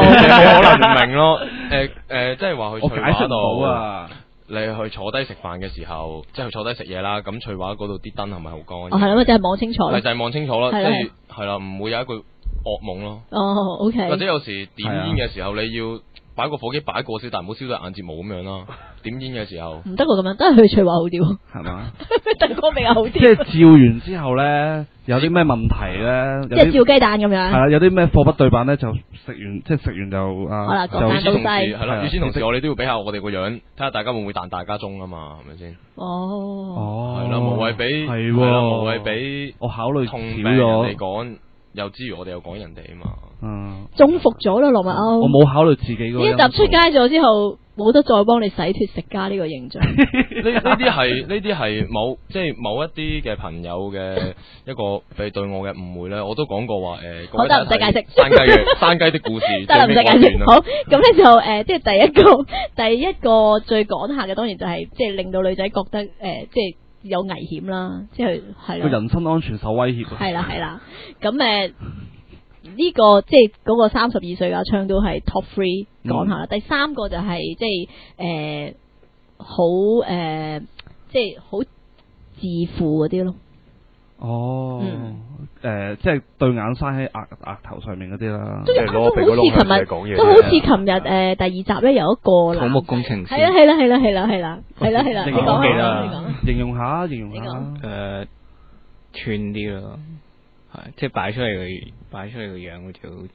就是、清楚，可能唔明咯。誒誒，即係話去翠華嗰度，你去坐低食飯嘅時候，即係坐低食嘢啦。咁翠華嗰度啲燈係咪好光？哦，係咯，就係、是、望清楚。咪就係望清楚咯，跟住係啦，唔會有一個噩夢咯。哦，OK。或者有時點煙嘅時候，你要。擺個火機擺過先，但唔好燒到眼睫毛咁樣啦。點煙嘅時候唔得我咁樣，都係翠華好啲，係嘛？鄧哥未有好啲。即係照完之後咧，有啲咩問題咧？即係照雞蛋咁樣。係啦，有啲咩貨不對版咧？就食完即係食完就啊，就與此同時係啦，與此同時我哋都要比下我哋個樣，睇下大家會唔會彈大家鐘啊嘛？係咪先？哦，哦，係啦，無謂比係啦，無謂比。我考慮同啲人嚟講。又之餘，我哋又講人哋啊嘛。嗯，中伏咗啦，羅密歐。我冇考慮自己嗰。呢集出街咗之後，冇得再幫你洗脫食家呢個形象。呢呢啲係呢啲係某即係、就是、某一啲嘅朋友嘅一個被對我嘅誤會咧，我都講過話誒。得唔使解介意？看看山雞山雞的故事得唔得唔介意？好，咁咧就誒，即、呃、係、就是、第一個第一個最趕下嘅，當然就係即係令到女仔覺得誒，即、呃、係。就是有危險啦，即係係啦，個人身安全受威脅。係啦，係啦，咁誒呢個即係嗰、嗰個三十二歲阿昌都係 top three 講下啦。嗯、第三個就係即係誒好誒，即係好、呃呃、自負嗰啲咯。哦，誒，即係對眼生喺額額頭上面嗰啲啦，即係我都好似琴日，都好似琴日誒、嗯、第二集咧有一個啦，土木工程師，係啦係啦係啦係啦係啦係啦，你講啦，啊、okay, 你講，形容下形容下誒，uh, 串啲咯，係，即係擺出嚟嘅擺出嚟嘅樣好似好。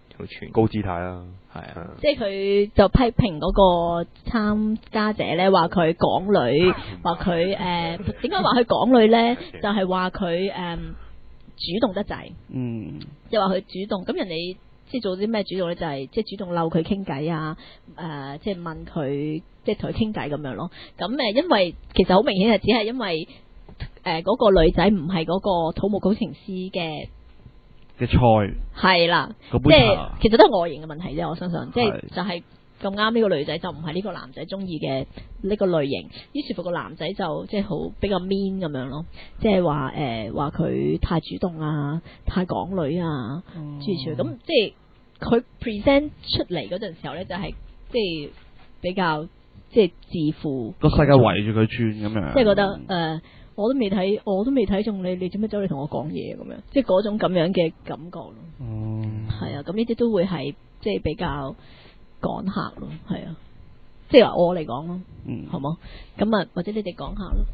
高姿態啦，係啊！啊即係佢就批評嗰個參加者咧，話佢港女，話佢誒點解話佢港女咧？ 就係話佢誒主動得滯，嗯，又話佢主動。咁人哋即係做啲咩主動咧？就係即係主動嬲佢傾偈啊！誒，即係問佢，即係同佢傾偈咁樣咯。咁誒，因為其實好明顯係，只係因為誒嗰個女仔唔係嗰個土木工程師嘅嘅菜係啦，B uta, 即係其實都係外形嘅問題啫。我相信即係是就係咁啱呢個女仔就唔係呢個男仔中意嘅呢個類型，於是乎個男仔就即係好比較 mean 咁樣咯，即係話誒話佢太主動啊，太港女啊之類咁，即係佢 present 出嚟嗰陣時候咧，就係即係比較即係自負，個世界圍住佢轉咁樣，即係覺得誒。呃我都未睇，我都未睇中你，你做乜走嚟同我講嘢咁樣？即係嗰種咁樣嘅感覺咯。哦，係啊，咁呢啲都會係即係比較趕客咯，係啊，即係話我嚟講咯，嗯，好冇？咁啊、嗯，或者你哋講下咯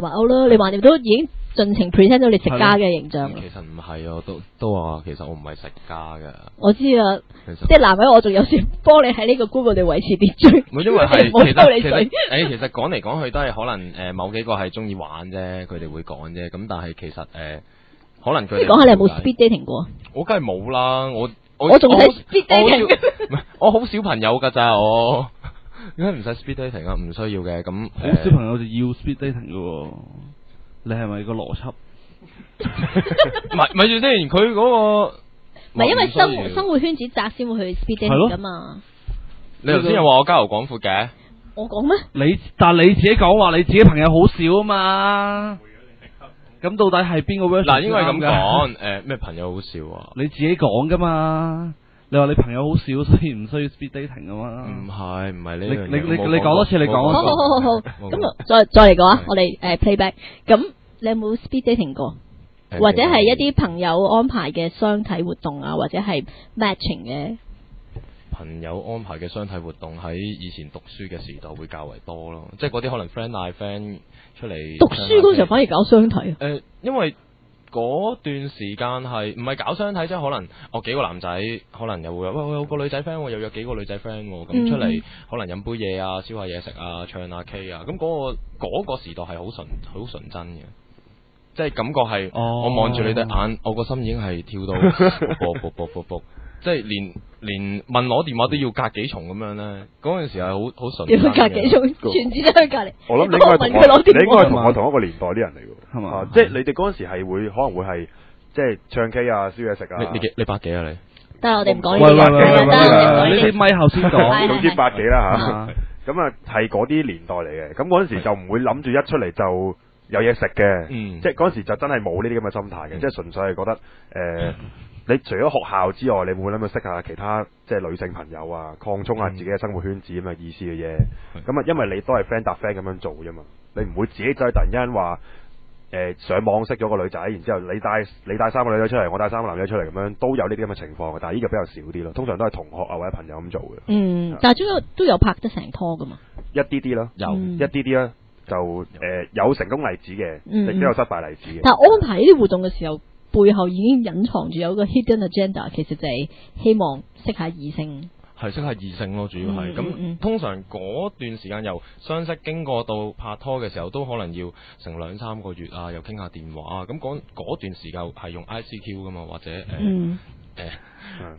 ，Romeo 啦，你話你都已經。盡情 present 到你食家嘅形象。其實唔係，啊，都都話，其實我唔係食家嘅。我知啊，其實即係男仔，我仲有少幫你喺呢個 google 度維持秩序。唔好收你水。誒、欸，其實講嚟講去都係可能，誒、呃，某幾個係中意玩啫，佢哋會講啫。咁但係其實，誒、呃，可能佢。講下你有冇 speed dating 過？我梗係冇啦，我我仲使 speed dating 我。 我好少朋友噶咋，我點解唔使 speed dating 啊？唔需要嘅咁。好、啊、少朋友就要 speed dating 嘅。你係咪個邏輯？唔係， 咪住先，佢嗰個唔係因為生活生活圈子窄先會去 speed dating 噶嘛？你頭先又話我交遊廣闊嘅，我講咩？你但係你自己講話你自己朋友好少啊嘛？咁 到底係邊個 version 嗱、呃，應該係咁講，誒咩、 呃、朋友好少啊？你自己講噶嘛？你話你朋友好少，所以唔需要 speed dating 㗎嘛？唔係，唔係呢樣嘢。你你你你講多次，你講多次。好好好，好，咁那再再嚟講，是的 我哋誒、uh, playback。咁你有冇 speed dating 過，呃、或者係一啲朋友安排嘅相睇活動啊，或者係 matching 嘅、啊？朋友安排嘅相睇活動喺以前讀書嘅時代會較為多咯，即係嗰啲可能 friend 嗌 friend 出嚟。讀書嗰時候反而搞相睇啊？誒、呃，因為。嗰段時間係唔係搞相睇啫、哦？可能我幾個男仔可能又會喂喂個女仔 friend，又有約幾個女仔 friend 咁出嚟，嗯、可能飲杯嘢啊、燒下嘢食啊、唱下 K 啊、嗯。咁、嗰個、嗰個時代係好純好純真嘅，即係感覺係哦，我望住你隻眼，我個心已經係跳到卜卜卜卜卜，即係連連問攞電話都要隔幾重咁樣咧。陣、那個、時係好好純，真隔幾重、那個、全指真喺隔離。我諗你我問佢攞電話應該係同我同一個年代啲人嚟 即係你哋嗰陣時係會可能會係即係唱 K 啊、燒嘢食啊。你你百幾啊？你？但係我哋唔講呢啲。唔你咪後先講，總之百幾啦嚇。咁啊，係嗰啲年代嚟嘅。咁嗰陣時就唔會諗住一出嚟就有嘢食嘅。即係嗰陣時就真係冇呢啲咁嘅心態嘅，即係純粹係覺得誒，你除咗學校之外，你會唔會諗去識下其他即係女性朋友啊，擴充下自己嘅生活圈子咁嘅意思嘅嘢？咁啊，因為你都係 friend 搭 friend 咁樣做啫嘛，你唔會自己走去突然間話。誒，上網識咗個女仔，然之後你帶你帶三個女仔出嚟，我帶三個男仔出嚟，咁樣都有呢啲咁嘅情況嘅，但係依個比較少啲咯，通常都係同學啊或者朋友咁做嘅。嗯，是但係終都有拍得成拖㗎嘛？一啲啲咯，有、嗯，一啲啲啦，就誒、嗯呃、有成功例子嘅，亦都有失敗例子嘅、嗯。但係我安排呢啲活動嘅時候，背後已經隱藏住有個 hidden agenda，其實就係希望識下異性。係識係異性咯，主要係咁、嗯嗯嗯、通常嗰段時間由相識，經過到拍拖嘅時候，都可能要成兩三個月啊，又傾下電話咁、啊、嗰段時間係用 ICQ 㗎嘛，或者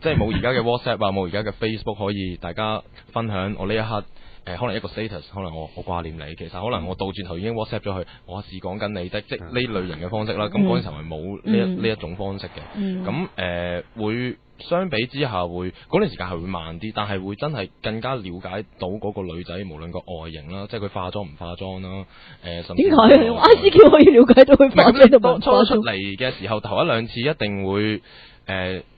誒即係冇而家嘅 WhatsApp 啊，冇而家嘅 Facebook 可以大家分享我呢一刻誒，可能一個 status，可能我我掛念你，其實可能我倒轉頭已經 WhatsApp 咗佢，我只講緊你的，即係呢類型嘅方式啦。咁嗰陣時係冇呢一呢、嗯嗯嗯、一種方式嘅，咁誒會。嗯相比之下會，嗰段時間係會慢啲，但係會真係更加了解到嗰個女仔，無論個外形啦，即係佢化妝唔化妝啦，誒、呃、甚至點解？I C Q 可以了解到佢化妝定唔化妝？初出嚟嘅時候頭一兩次一定會誒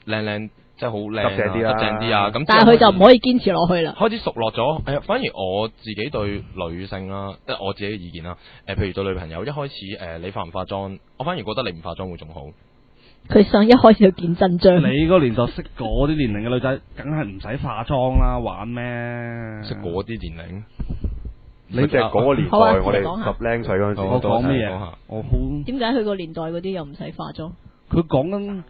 靚靚，即係好靚，得正啲啊！得正啲啊！咁但係佢就唔可以堅持落去啦。開始熟絡咗，誒、呃、反而我自己對女性啦，嗯、即係我自己嘅意見啦。誒、呃、譬如對女朋友，一開始誒、呃、你化唔化妝，我反而覺得你唔化妝會仲好。佢想一開始去見真章。你嗰年代識嗰啲年齡嘅女仔，梗係唔使化妝啦，玩咩？識嗰啲年齡。你即係嗰個年代，啊、我哋十零歲嗰陣時，啊、我講乜嘢？我好點解佢個年代嗰啲又唔使化妝？佢講緊，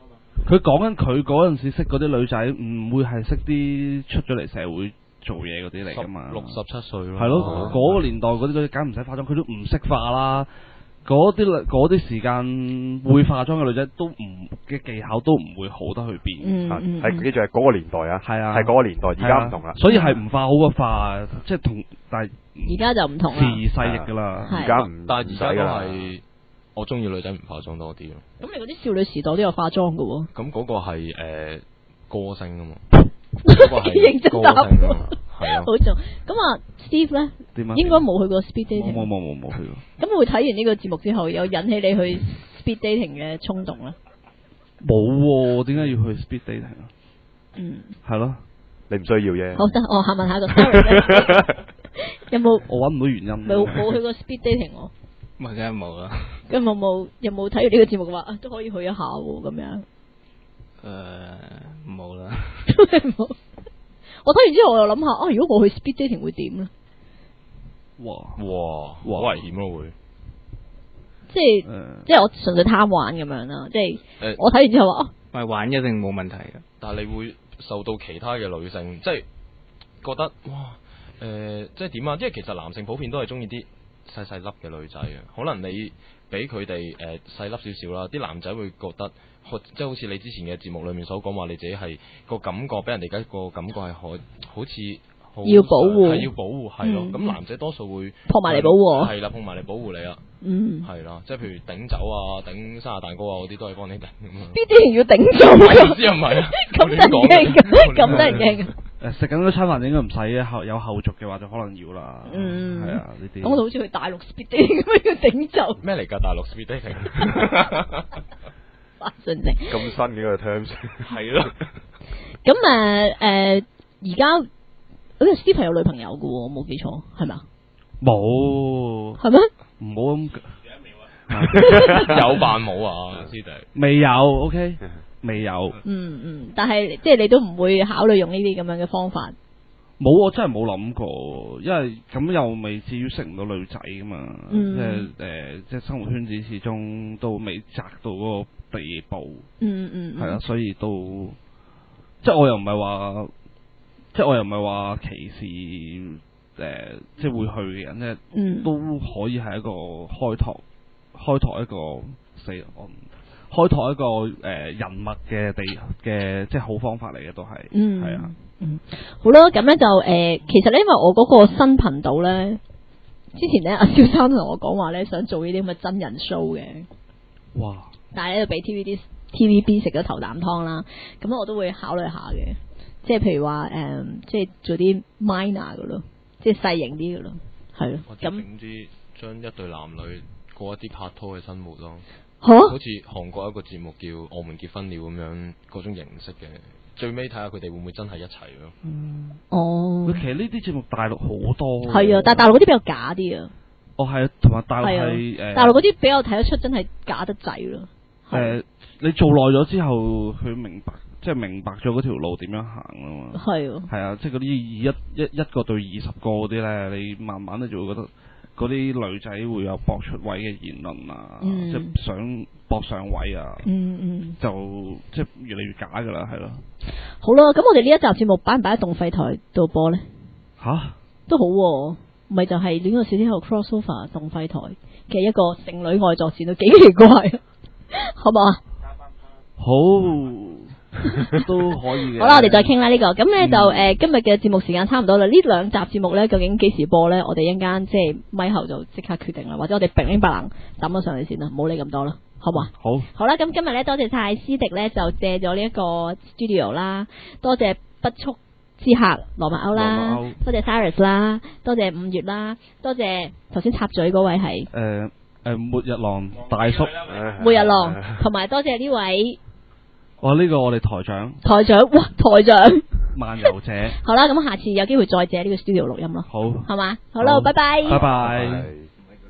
佢講緊佢嗰陣時識嗰啲女仔，唔會係識啲出咗嚟社會做嘢嗰啲嚟噶嘛？六十七歲咯。係咯，嗰個年代嗰啲女，梗唔使化妝，佢都唔識化啦。嗰啲啲時間會化妝嘅女仔都唔嘅技巧都唔會好得去邊，係、嗯嗯嗯、記住係嗰個年代啊，係啊，係嗰個年代，而家唔同啦、啊，所以係唔化好過化，即、就、係、是、同但係而家就唔同啦，時移世易噶啦，而家唔但係而家係我中意女仔唔化妝多啲咯。咁你嗰啲少女時代都有化妝噶喎、啊？咁嗰個係、呃、歌星啊嘛。認真答，係啊，好重。咁啊，Steve 咧，點啊？應該冇去過 speed dating，冇冇冇冇去。咁會睇完呢個節目之後，有引起你去 speed dating 嘅衝動啦？冇喎，我點解要去 speed dating 啊？嗯，係咯，你唔需要嘅。好得，我下問下個，sorry 有冇？我搵唔到原因。冇冇去過 speed dating 喎。咪真係冇啦。咁有冇有冇睇完呢個節目嘅話，都可以去一下咁樣？誒，冇啦、呃， 我睇完之後我又諗下，啊，如果我去 speed dating 會點咧？哇哇哇好危險咯會，即係即係我純粹貪玩咁樣啦，呃、即係我睇完之後話哦，咪玩一定冇問題㗎，但係你會受到其他嘅女性，即係覺得哇誒、呃，即係點啊？因為其實男性普遍都係中意啲細細粒嘅女仔嘅，可能你。俾佢哋誒細粒少少啦，啲男仔會覺得，即係好似你之前嘅節目裏面所講話，你自己係個感覺俾人哋而家個感覺係可好似要保護，係要保護係咯，咁男仔多數會撲埋嚟保護，係啦，撲埋嚟保護你啊，嗯，係啦，即係譬如頂酒啊、頂生日蛋糕啊嗰啲都係幫你頂，啲啲人要頂酒，唔知又唔係啊，咁得人驚，咁得人驚。誒，食緊嗰餐飯應該唔使嘅，後有後續嘅話就可能要啦。嗯，係啊，呢啲。我哋好似去大陸 speed 啲咁樣要整就。咩嚟㗎？大陸 speed dating 咁新嘅個 terms 了。係咯 。咁誒誒，而家好似私敵有女朋友嘅喎，冇記錯係咪？冇。係咩沒？唔好咁。有扮冇啊私敵未有，OK。未有，嗯嗯，但係即係你都唔會考慮用呢啲咁樣嘅方法。冇，我真係冇諗過，因為咁又未至於識唔到女仔噶嘛，嗯、即係誒、呃，即係生活圈子始終都未窄到個地步。嗯嗯，係啦、嗯，所以都即係我又唔係話，即係我又唔係話歧視，誒、呃，即係會去嘅人咧，嗯、都可以係一個開拓，開拓一個死我。開拓一個誒、呃、人物嘅地嘅即係好方法嚟嘅都係，嗯係是啊嗯，嗯好咯，咁咧就誒、呃、其實咧因為我嗰個新頻道咧，之前咧、嗯、阿蕭生同我講話咧想做呢啲咁嘅真人 show 嘅，哇！但係咧俾 T V D T V B 食咗頭啖湯啦，咁我都會考慮下嘅，即係譬如話誒即係做啲 minor 噶咯，即係細型啲噶咯，係咯、啊，咁整啲將一對男女過一啲拍拖嘅生活咯。好，好似韓國一個節目叫《我們結婚了》咁樣嗰種形式嘅，最尾睇下佢哋會唔會真係一齊咯。嗯，哦。其實呢啲節目大陸好多。係啊，但係大陸嗰啲比較假啲、哦、啊。哦，係，同埋大陸係誒、啊。大陸嗰啲比較睇得出真係假得滯咯。誒、啊啊，你做耐咗之後，佢明白，即、就、係、是、明白咗嗰條路點樣行啊嘛。係咯。係啊，即係嗰啲二一一一,一個對二十個嗰啲咧，你慢慢咧就會覺得。嗰啲女仔會有博出位嘅言論啊，嗯、即係想博上位啊，嗯嗯、就即係越嚟越假噶啦，係咯。好啦，咁我哋呢一集節目擺唔擺喺動廢台度播咧？吓、啊？都好、啊，咪就係兩個小天后 cross over 動廢台嘅一個盛女愛作戰都幾奇怪，啊 吧，好唔好啊？好。 都可以嘅。好啦，我哋再傾啦呢個，咁、嗯、呢就誒、呃、今日嘅節目時間差唔多啦。呢兩集節目呢，究竟幾時播呢？我哋一陣間即係咪後就即刻決定啦，或者我哋炳炳白冷抌咗上去先啦，唔好理咁多啦，好嘛？好。好啦，咁今日呢，多謝晒私敵呢，就借咗呢一個 studio 啦，多謝不速之客羅密歐啦，歐多謝 Cyrus 啦，多謝五月啦，多謝頭先插嘴嗰位係誒末日狼大叔，末日狼同埋多謝呢位。哦，呢、這個我哋台長，台長哇，台長漫遊者， 好啦，咁下次有機會再借呢個 studio 錄音咯好，好係嘛，好啦，拜拜，拜拜。